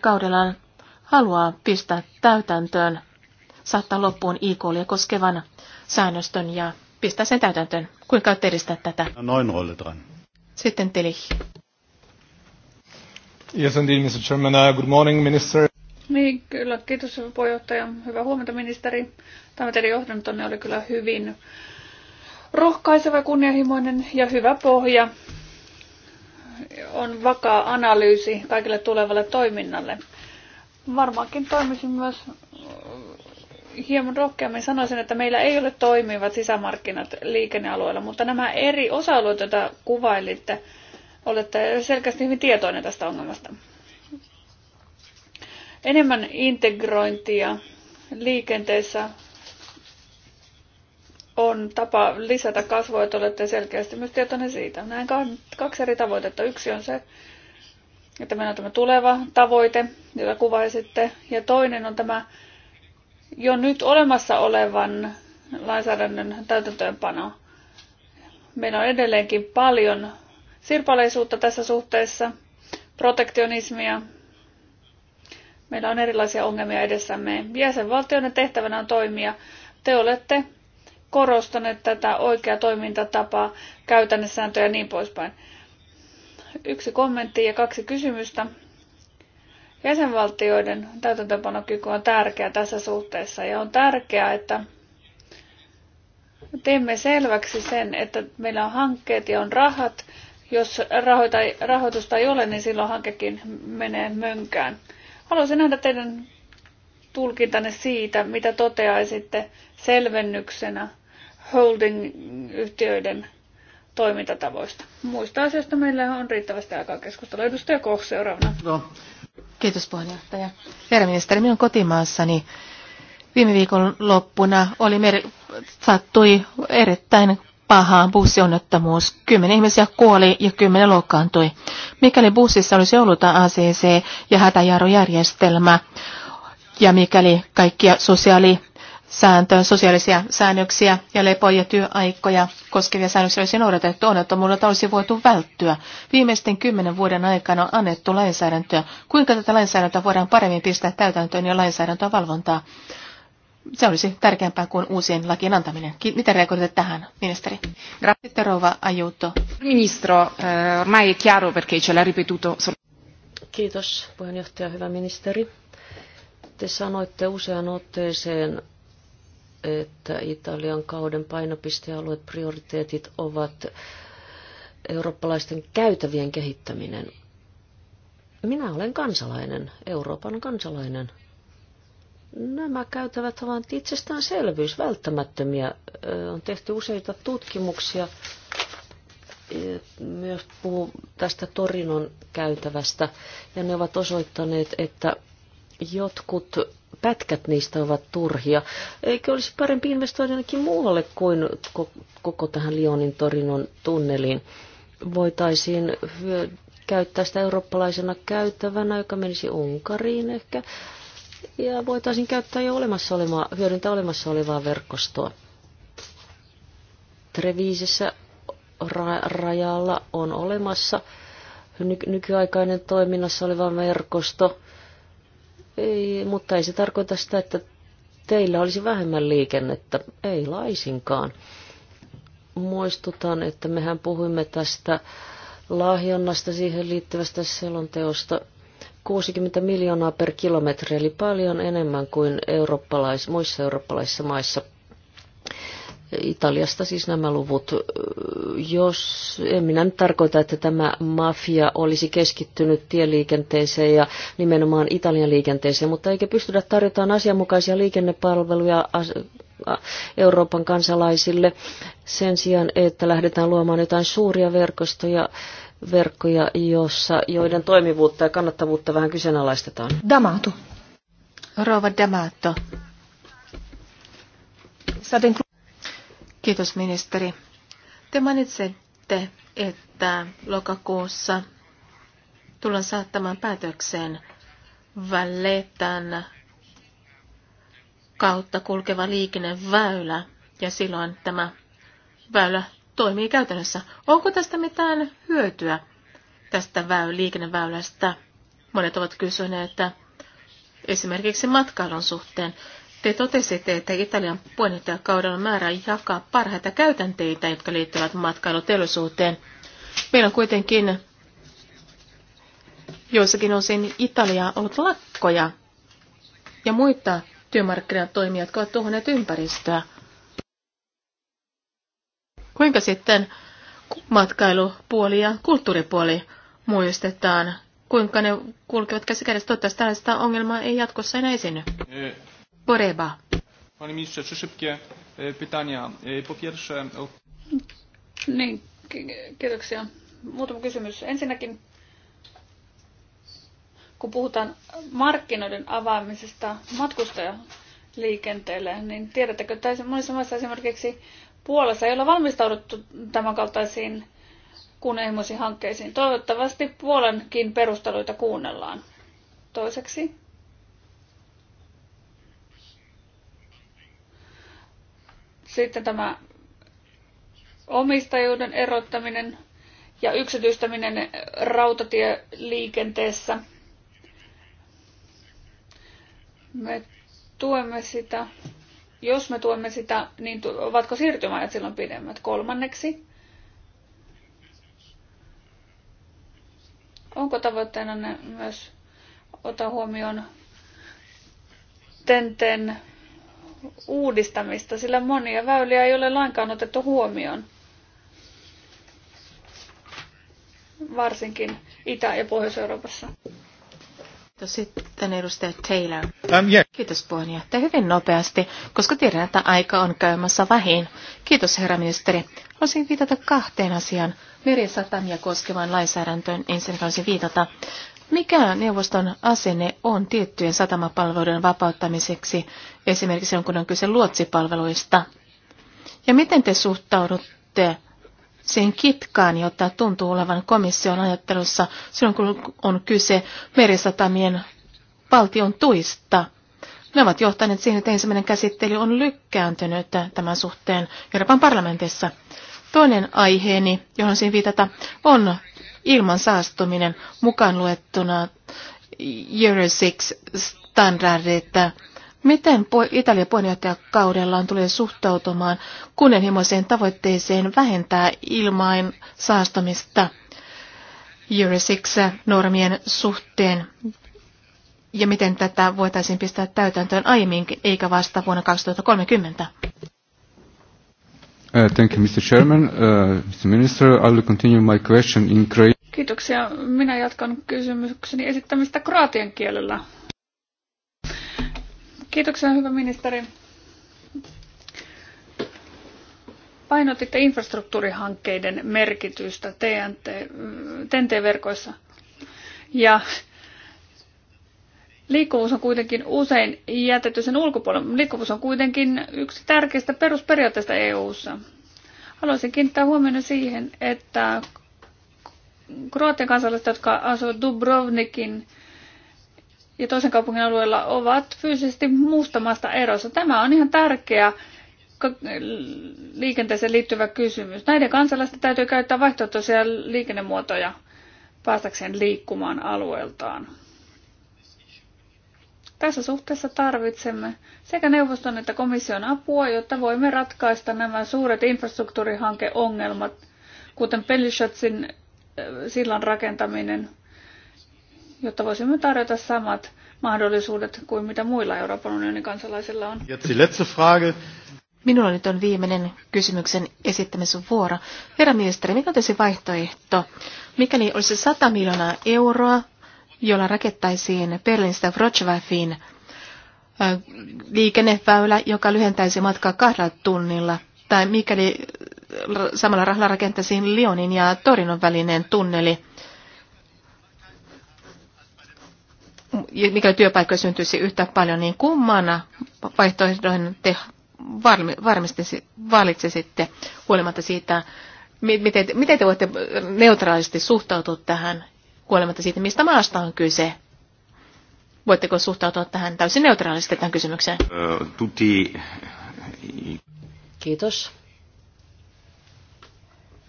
kaudellaan haluaa pistää täytäntöön, saattaa loppuun e koskevan säännöstön ja pistää sen täytäntöön. Kuinka olet edistää tätä? Noin roolitran. Sitten Teli. Yes, indeed, Mr. Chairman. Uh, good morning, Minister. Niin, kyllä. Kiitos puheenjohtaja. Hyvää huomenta ministeri. Tämä teidän johdantonne oli kyllä hyvin rohkaiseva, kunnianhimoinen ja hyvä pohja. On vakaa analyysi kaikille tulevalle toiminnalle. Varmaankin toimisin myös hieman rohkeammin sanoisin, että meillä ei ole toimivat sisämarkkinat liikennealueella, mutta nämä eri osa-alueet, joita kuvailitte, olette selkeästi hyvin tietoinen tästä ongelmasta enemmän integrointia liikenteessä on tapa lisätä kasvua, että olette selkeästi myös tietoinen siitä. Näin kaksi eri tavoitetta. Yksi on se, että meillä on tämä tuleva tavoite, jota kuvaisitte, ja toinen on tämä jo nyt olemassa olevan lainsäädännön täytäntöönpano. Meillä on edelleenkin paljon sirpaleisuutta tässä suhteessa, protektionismia, Meillä on erilaisia ongelmia edessämme. Jäsenvaltioiden tehtävänä on toimia. Te olette korostaneet tätä oikeaa toimintatapaa, käytännössääntöjä ja niin poispäin. Yksi kommentti ja kaksi kysymystä. Jäsenvaltioiden täytäntöpanokyky on tärkeä tässä suhteessa ja on tärkeää, että teemme selväksi sen, että meillä on hankkeet ja on rahat. Jos rahoitusta ei ole, niin silloin hankekin menee mönkään. Haluaisin nähdä teidän tulkintanne siitä, mitä toteaisitte selvennyksenä holding-yhtiöiden toimintatavoista. Muista asioista meillä on riittävästi aikaa keskustella. Edustaja Koch seuraavana. No. Kiitos puheenjohtaja. Herra ministeri, minun kotimaassani viime viikon loppuna oli meri, sattui erittäin paha bussionnettomuus. Kymmenen ihmisiä kuoli ja kymmenen loukkaantui. Mikäli bussissa olisi ollut ACC ja hätäjarrojärjestelmä ja mikäli kaikkia sosiaali sääntöön sosiaalisia säännöksiä ja lepo- ja työaikoja koskevia säännöksiä olisi noudatettu, onnettomuudelta olisi voitu välttyä. Viimeisten kymmenen vuoden aikana on annettu lainsäädäntöä. Kuinka tätä lainsäädäntöä voidaan paremmin pistää täytäntöön ja lainsäädäntöä valvontaa? se olisi tärkeämpää kuin uusien lakien antaminen. Mitä reagoitte tähän, ministeri? Grazie, Rova Ajuto. Ministro, eh, ormai è chiaro perché ce l'ha ripetuto. Kiitos, puheenjohtaja, hyvä ministeri. Te sanoitte usean otteeseen, että Italian kauden painopistealueet, prioriteetit ovat eurooppalaisten käytävien kehittäminen. Minä olen kansalainen, Euroopan kansalainen, Nämä käytävät ovat itsestäänselvyys, välttämättömiä. On tehty useita tutkimuksia, e, myös puhuu tästä Torinon käytävästä, ja ne ovat osoittaneet, että jotkut pätkät niistä ovat turhia. Eikö olisi parempi investoida jonnekin muualle kuin koko tähän Lionin Torinon tunneliin? Voitaisiin käyttää sitä eurooppalaisena käytävänä, joka menisi Unkariin ehkä, ja voitaisiin käyttää jo olemassa olevaa, hyödyntää olemassa olevaa verkostoa. Treviisissä ra- rajalla on olemassa ny- nykyaikainen toiminnassa oleva verkosto, ei, mutta ei se tarkoita sitä, että teillä olisi vähemmän liikennettä, ei laisinkaan. Muistutan, että mehän puhuimme tästä lahjonnasta siihen liittyvästä selonteosta 60 miljoonaa per kilometri, eli paljon enemmän kuin eurooppalais, muissa eurooppalaisissa maissa. Italiasta siis nämä luvut. Jos, en minä nyt tarkoita, että tämä mafia olisi keskittynyt tieliikenteeseen ja nimenomaan Italian liikenteeseen, mutta eikä pystytä tarjotaan asianmukaisia liikennepalveluja Euroopan kansalaisille sen sijaan, että lähdetään luomaan jotain suuria verkostoja verkkoja, jossa, joiden toimivuutta ja kannattavuutta vähän kyseenalaistetaan. Damato. Rova Damato. Kiitos ministeri. Te mainitsette, että lokakuussa tullaan saattamaan päätökseen Valletan kautta kulkeva liikenneväylä ja silloin tämä väylä toimii käytännössä. Onko tästä mitään hyötyä tästä väy- liikenneväylästä? Monet ovat kysyneet, että esimerkiksi matkailun suhteen. Te totesitte, että Italian puheenjohtajakaudella määrä jakaa parhaita käytänteitä, jotka liittyvät matkailuteollisuuteen. Meillä on kuitenkin joissakin osin Italiaa ollut lakkoja ja muita työmarkkinatoimia, jotka ovat tuhonneet ympäristöä. Kuinka sitten matkailupuoli ja kulttuuripuoli muistetaan? Kuinka ne kulkevat käsi kädessä? Toivottavasti tällaista ongelmaa ei jatkossa enää esiinny. E, Poreba. Panie ministrze, trzy szybkie e, pytania. E, po pierwsze... Niin, kiitoksia. Muutama kysymys. Ensinnäkin, kun puhutaan markkinoiden avaamisesta matkustajaliikenteelle, niin tiedättekö, että monissa maissa esimerkiksi Puolassa ei ole valmistauduttu tämänkaltaisiin kunnianhimoisiin hankkeisiin. Toivottavasti Puolankin perusteluita kuunnellaan. Toiseksi sitten tämä omistajuuden erottaminen ja yksityistäminen rautatieliikenteessä. Me tuemme sitä jos me tuemme sitä, niin ovatko siirtymäajat silloin pidemmät? Kolmanneksi, onko tavoitteena ne myös ottaa huomioon tenten uudistamista, sillä monia väyliä ei ole lainkaan otettu huomioon. Varsinkin Itä- ja Pohjois-Euroopassa. Kiitos sitten edustaja Taylor. Um, yeah. Kiitos puheenjohtaja hyvin nopeasti, koska tiedän, että aika on käymässä vähin. Kiitos herra ministeri. Haluaisin viitata kahteen asiaan. Merisatamia koskevaan lainsäädäntöön ensin haluaisin viitata. Mikä neuvoston asenne on tiettyjen satamapalveluiden vapauttamiseksi, esimerkiksi kun on kyse luotsipalveluista? Ja miten te suhtaudutte sen kitkaan, jota tuntuu olevan komission ajattelussa silloin, kun on kyse merisatamien valtion tuista. Ne ovat johtaneet siihen, että ensimmäinen käsittely on lykkääntynyt tämän suhteen Euroopan parlamentissa. Toinen aiheeni, johon siinä viitata, on ilman saastuminen mukaan luettuna Euro 6 standardit Miten Italian puheenjohtajakaudellaan tulee suhtautumaan kunnianhimoiseen tavoitteeseen vähentää ilmain saastumista Euro 6-normien suhteen? Ja miten tätä voitaisiin pistää täytäntöön aiemmin, eikä vasta vuonna 2030? Uh, thank you, Mr. Chairman. Uh, Mr. Minister, I will continue my question in Croatian. Kiitoksia. Minä jatkan kysymykseni esittämistä kroatian kielellä. Kiitoksia, hyvä ministeri. Painotitte infrastruktuurihankkeiden merkitystä TNT-verkoissa. Ja liikkuvuus on kuitenkin usein jätetty sen ulkopuolelle. Liikkuvuus on kuitenkin yksi tärkeistä perusperiaatteista EU:ssa. Haluaisin kiinnittää huomioon siihen, että Kroatian kansalaiset, jotka asuvat Dubrovnikin ja toisen kaupungin alueella ovat fyysisesti muusta maasta erossa. Tämä on ihan tärkeä liikenteeseen liittyvä kysymys. Näiden kansalaisten täytyy käyttää vaihtoehtoisia liikennemuotoja päästäkseen liikkumaan alueeltaan. Tässä suhteessa tarvitsemme sekä neuvoston että komission apua, jotta voimme ratkaista nämä suuret infrastruktuurihankeongelmat, kuten Pelishatsin äh, sillan rakentaminen – jotta voisimme tarjota samat mahdollisuudet kuin mitä muilla Euroopan unionin kansalaisilla on. Minulla nyt on viimeinen kysymyksen esittämisen vuoro. Herra ministeri, mikä olisi vaihtoehto? Mikäli olisi 100 miljoonaa euroa, jolla rakettaisiin Berliinistä Wrocławiin liikenneväylä, joka lyhentäisi matkaa kahdella tunnilla, tai mikäli samalla rahalla rakentaisiin Lyonin ja Torinon välinen tunneli, mikäli työpaikkoja syntyisi yhtä paljon, niin kummana vaihtoehdon te varmasti valitsisitte huolimatta siitä, miten, miten te voitte neutraalisti suhtautua tähän huolimatta siitä, mistä maasta on kyse? Voitteko suhtautua tähän täysin neutraalisti tähän kysymykseen? Tuti. Kiitos.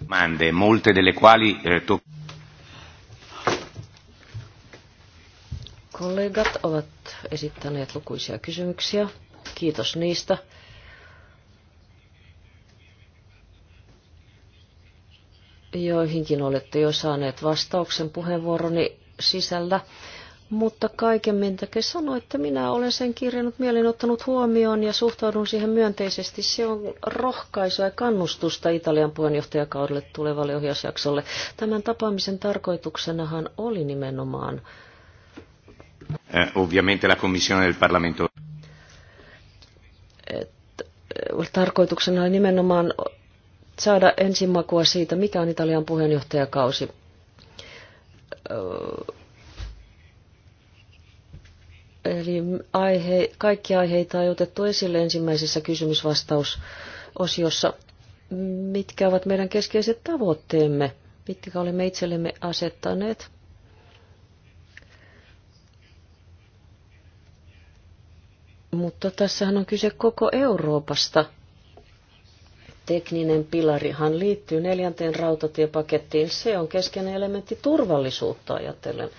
Mande, molte delle quali... Eh, Kollegat ovat esittäneet lukuisia kysymyksiä. Kiitos niistä. Joihinkin olette jo saaneet vastauksen puheenvuoroni sisällä, mutta kaiken te sanoitte, minä olen sen kirjannut mielin ottanut huomioon ja suhtaudun siihen myönteisesti. Se on rohkaisua ja kannustusta Italian puheenjohtajakaudelle tulevalle ohjausjaksolle. Tämän tapaamisen tarkoituksenahan oli nimenomaan Eh, ovviamente la Commissione del Parlamento. Eh, tarkoituksena on nimenomaan saada ensimakua siitä, mikä on Italian puheenjohtajakausi. Eh, eli aihe, kaikki aiheita on otettu esille ensimmäisessä kysymysvastausosiossa. Mitkä ovat meidän keskeiset tavoitteemme? Mitkä olemme itsellemme asettaneet? Mutta tässähän on kyse koko Euroopasta. Tekninen pilarihan liittyy neljänteen rautatiepakettiin. Se on keskeinen elementti turvallisuutta ajatellen.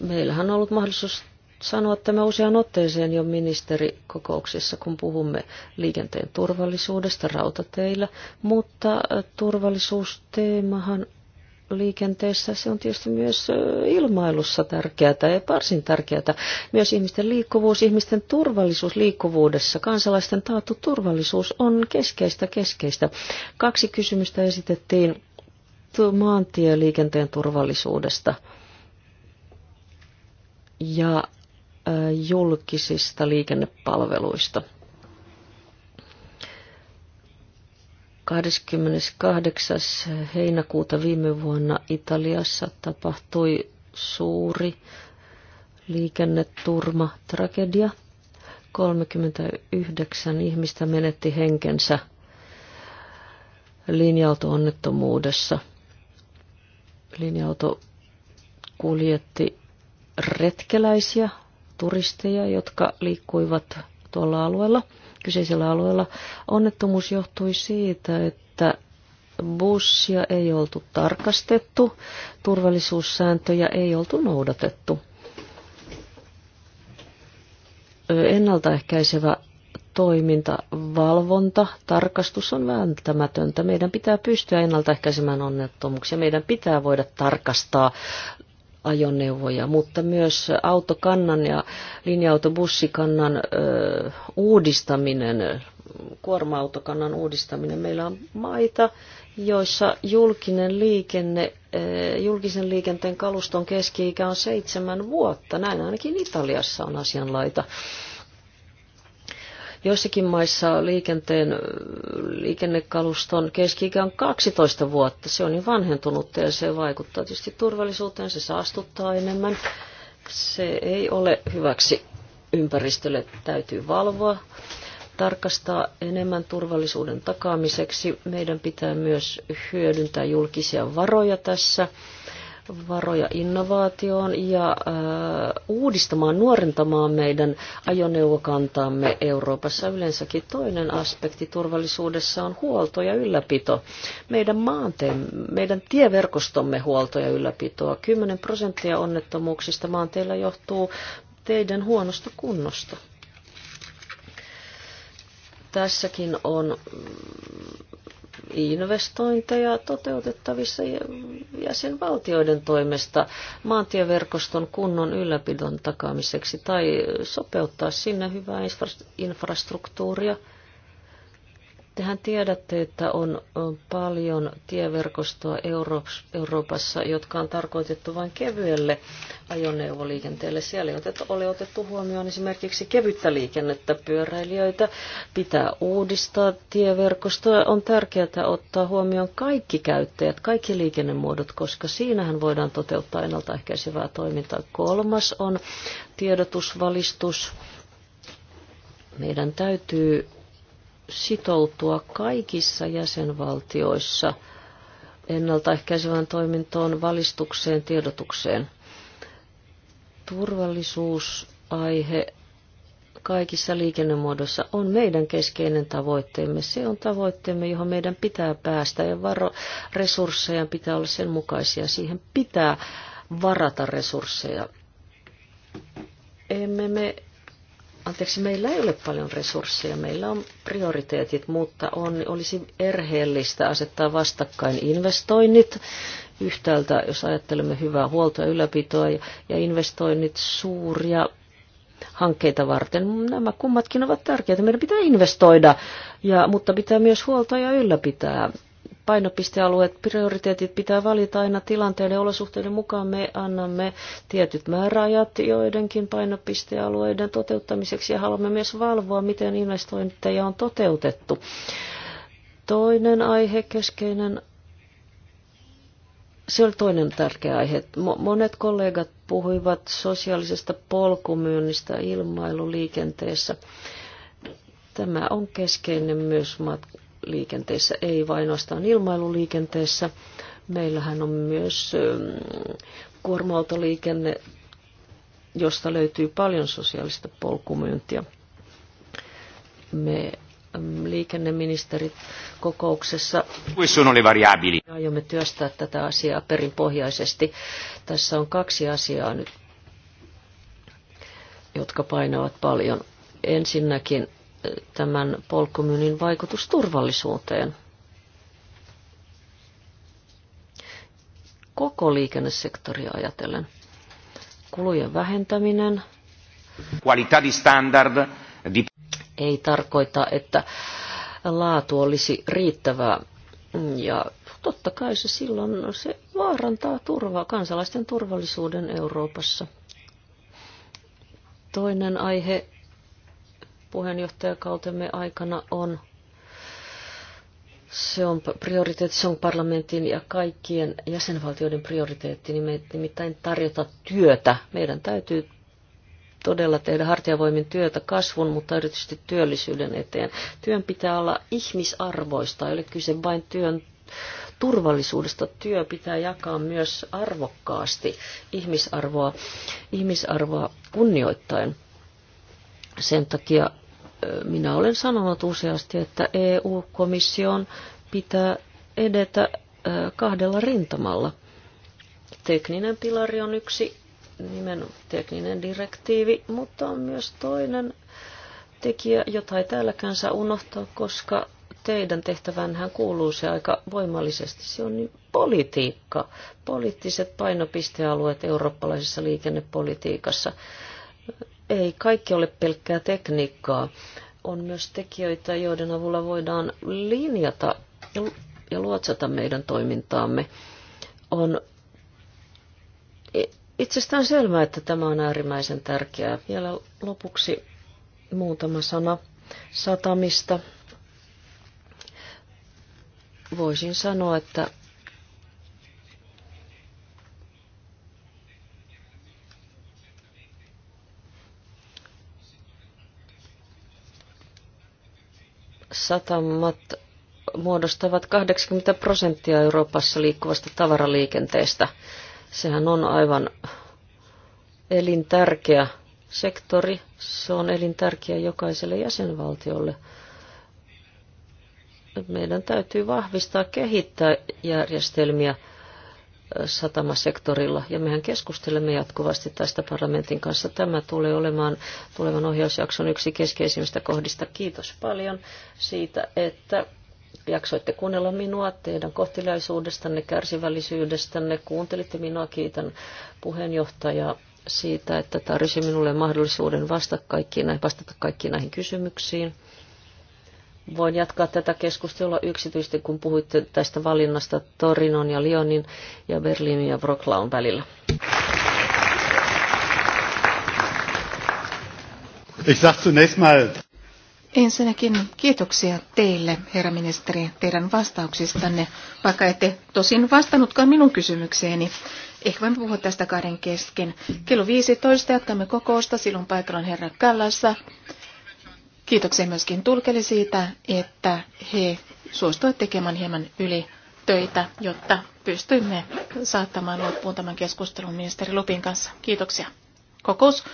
Meillähän on ollut mahdollisuus sanoa tämä usean otteeseen jo ministerikokouksissa, kun puhumme liikenteen turvallisuudesta rautateillä, mutta turvallisuusteemahan liikenteessä, se on tietysti myös ilmailussa tärkeää ja varsin tärkeää. Myös ihmisten liikkuvuus, ihmisten turvallisuus liikkuvuudessa, kansalaisten taattu turvallisuus on keskeistä keskeistä. Kaksi kysymystä esitettiin maantieliikenteen turvallisuudesta ja julkisista liikennepalveluista. 28. heinäkuuta viime vuonna Italiassa tapahtui suuri liikenneturma, tragedia. 39 ihmistä menetti henkensä linja-auto-onnettomuudessa. Linja-auto kuljetti retkeläisiä, turisteja, jotka liikkuivat tuolla alueella – kyseisellä alueella. Onnettomuus johtui siitä, että bussia ei oltu tarkastettu, turvallisuussääntöjä ei oltu noudatettu. Ennaltaehkäisevä toiminta, valvonta, tarkastus on välttämätöntä. Meidän pitää pystyä ennaltaehkäisemään onnettomuuksia. Meidän pitää voida tarkastaa ajoneuvoja, mutta myös autokannan ja linja-autobussikannan ö, uudistaminen, kuorma-autokannan uudistaminen. Meillä on maita, joissa julkinen liikenne, julkisen liikenteen kaluston keski-ikä on seitsemän vuotta. Näin ainakin Italiassa on asianlaita. Joissakin maissa liikenteen, liikennekaluston keski-ikä on 12 vuotta. Se on niin vanhentunutta ja se vaikuttaa tietysti turvallisuuteen, se saastuttaa enemmän. Se ei ole hyväksi ympäristölle, täytyy valvoa tarkastaa enemmän turvallisuuden takaamiseksi. Meidän pitää myös hyödyntää julkisia varoja tässä varoja innovaatioon ja äh, uudistamaan, nuorentamaan meidän ajoneuvokantaamme Euroopassa. Yleensäkin toinen aspekti turvallisuudessa on huolto ja ylläpito. Meidän maanteen, meidän tieverkostomme huolto ja ylläpitoa. 10 prosenttia onnettomuuksista maanteilla johtuu teidän huonosta kunnosta. Tässäkin on investointeja toteutettavissa jäsenvaltioiden toimesta maantieverkoston kunnon ylläpidon takaamiseksi tai sopeuttaa sinne hyvää infrastruktuuria – Tehän tiedätte, että on paljon tieverkostoa Euroopassa, jotka on tarkoitettu vain kevyelle ajoneuvoliikenteelle. Siellä ei ole otettu huomioon esimerkiksi kevyttä liikennettä, pyöräilijöitä. Pitää uudistaa tieverkostoa. On tärkeää ottaa huomioon kaikki käyttäjät, kaikki liikennemuodot, koska siinähän voidaan toteuttaa ennaltaehkäisevää toimintaa. Kolmas on tiedotusvalistus. Meidän täytyy sitoutua kaikissa jäsenvaltioissa ennaltaehkäisevään toimintoon, valistukseen, tiedotukseen. Turvallisuusaihe kaikissa liikennemuodoissa on meidän keskeinen tavoitteemme. Se on tavoitteemme, johon meidän pitää päästä ja varo- resursseja pitää olla sen mukaisia. Siihen pitää varata resursseja. Emme me anteeksi, meillä ei ole paljon resursseja, meillä on prioriteetit, mutta on, olisi erheellistä asettaa vastakkain investoinnit yhtäältä, jos ajattelemme hyvää huoltoa ja ylläpitoa, ja investoinnit suuria hankkeita varten. Nämä kummatkin ovat tärkeitä. Meidän pitää investoida, ja, mutta pitää myös huolta ja ylläpitää painopistealueet, prioriteetit pitää valita aina tilanteen ja olosuhteiden mukaan. Me annamme tietyt määräajat joidenkin painopistealueiden toteuttamiseksi ja haluamme myös valvoa, miten investointeja on toteutettu. Toinen aihe, keskeinen se oli toinen tärkeä aihe. Monet kollegat puhuivat sosiaalisesta polkumyynnistä ilmailuliikenteessä. Tämä on keskeinen myös liikenteessä, ei vain ainoastaan ilmailuliikenteessä. Meillähän on myös ähm, kuorma-autoliikenne, josta löytyy paljon sosiaalista polkumyyntiä. Me ähm, liikenneministerit kokouksessa. Me aiomme työstää tätä asiaa perinpohjaisesti. Tässä on kaksi asiaa nyt, jotka painavat paljon. Ensinnäkin tämän polkumyynnin vaikutus turvallisuuteen? Koko liikennesektoria ajatellen. Kulujen vähentäminen. di standard di... Ei tarkoita, että laatu olisi riittävää. Ja totta kai se silloin no se vaarantaa turvaa, kansalaisten turvallisuuden Euroopassa. Toinen aihe puheenjohtajakautemme aikana on se on prioriteetti, se on parlamentin ja kaikkien jäsenvaltioiden prioriteetti, niin nimittäin tarjota työtä. Meidän täytyy todella tehdä hartiavoimin työtä kasvun, mutta erityisesti työllisyyden eteen. Työn pitää olla ihmisarvoista, ei ole kyse vain työn turvallisuudesta. Työ pitää jakaa myös arvokkaasti, ihmisarvoa, ihmisarvoa kunnioittain. Sen takia minä olen sanonut useasti, että EU-komission pitää edetä kahdella rintamalla. Tekninen pilari on yksi nimen tekninen direktiivi, mutta on myös toinen tekijä, jota ei täälläkään saa unohtaa, koska teidän tehtävänhän kuuluu se aika voimallisesti. Se on niin politiikka, poliittiset painopistealueet eurooppalaisessa liikennepolitiikassa ei kaikki ole pelkkää tekniikkaa. On myös tekijöitä, joiden avulla voidaan linjata ja luotsata meidän toimintaamme. On itsestään selvää, että tämä on äärimmäisen tärkeää. Vielä lopuksi muutama sana satamista. Voisin sanoa, että Satamat muodostavat 80 prosenttia Euroopassa liikkuvasta tavaraliikenteestä. Sehän on aivan elintärkeä sektori. Se on elintärkeä jokaiselle jäsenvaltiolle. Meidän täytyy vahvistaa, kehittää järjestelmiä satamasektorilla. Ja mehän keskustelemme jatkuvasti tästä parlamentin kanssa. Tämä tulee olemaan tulevan ohjausjakson yksi keskeisimmistä kohdista. Kiitos paljon siitä, että jaksoitte kuunnella minua, teidän kohteliaisuudestanne, kärsivällisyydestänne. Kuuntelitte minua, kiitän puheenjohtajaa siitä, että tarjosi minulle mahdollisuuden vastata kaikkiin, vastata kaikkiin näihin kysymyksiin. Voin jatkaa tätä keskustelua yksityisesti, kun puhuitte tästä valinnasta Torinon ja Lyonin ja Berliinin ja Wroclawn välillä. Ich sag zunächst mal. Ensinnäkin kiitoksia teille, herra ministeri, teidän vastauksistanne, vaikka ette tosin vastannutkaan minun kysymykseeni. Ehkä voimme puhua tästä kahden kesken. Kello 15 jatkamme kokousta, silloin paikalla on herra Kallassa. Kiitoksia myöskin tulkeli siitä, että he suostuivat tekemään hieman yli töitä, jotta pystymme saattamaan loppuun tämän keskustelun ministeri Lupin kanssa. Kiitoksia. Kokous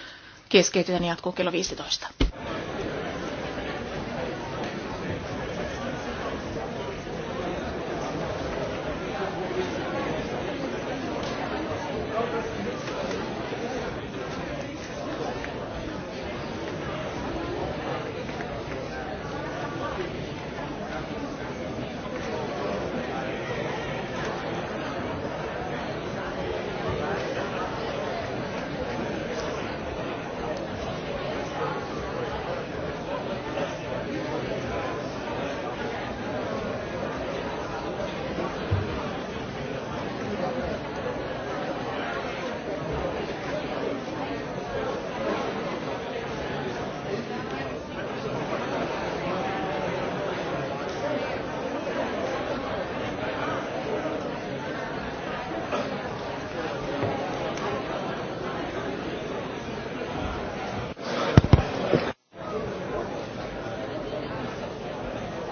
keskeytetään jatkuu kello 15.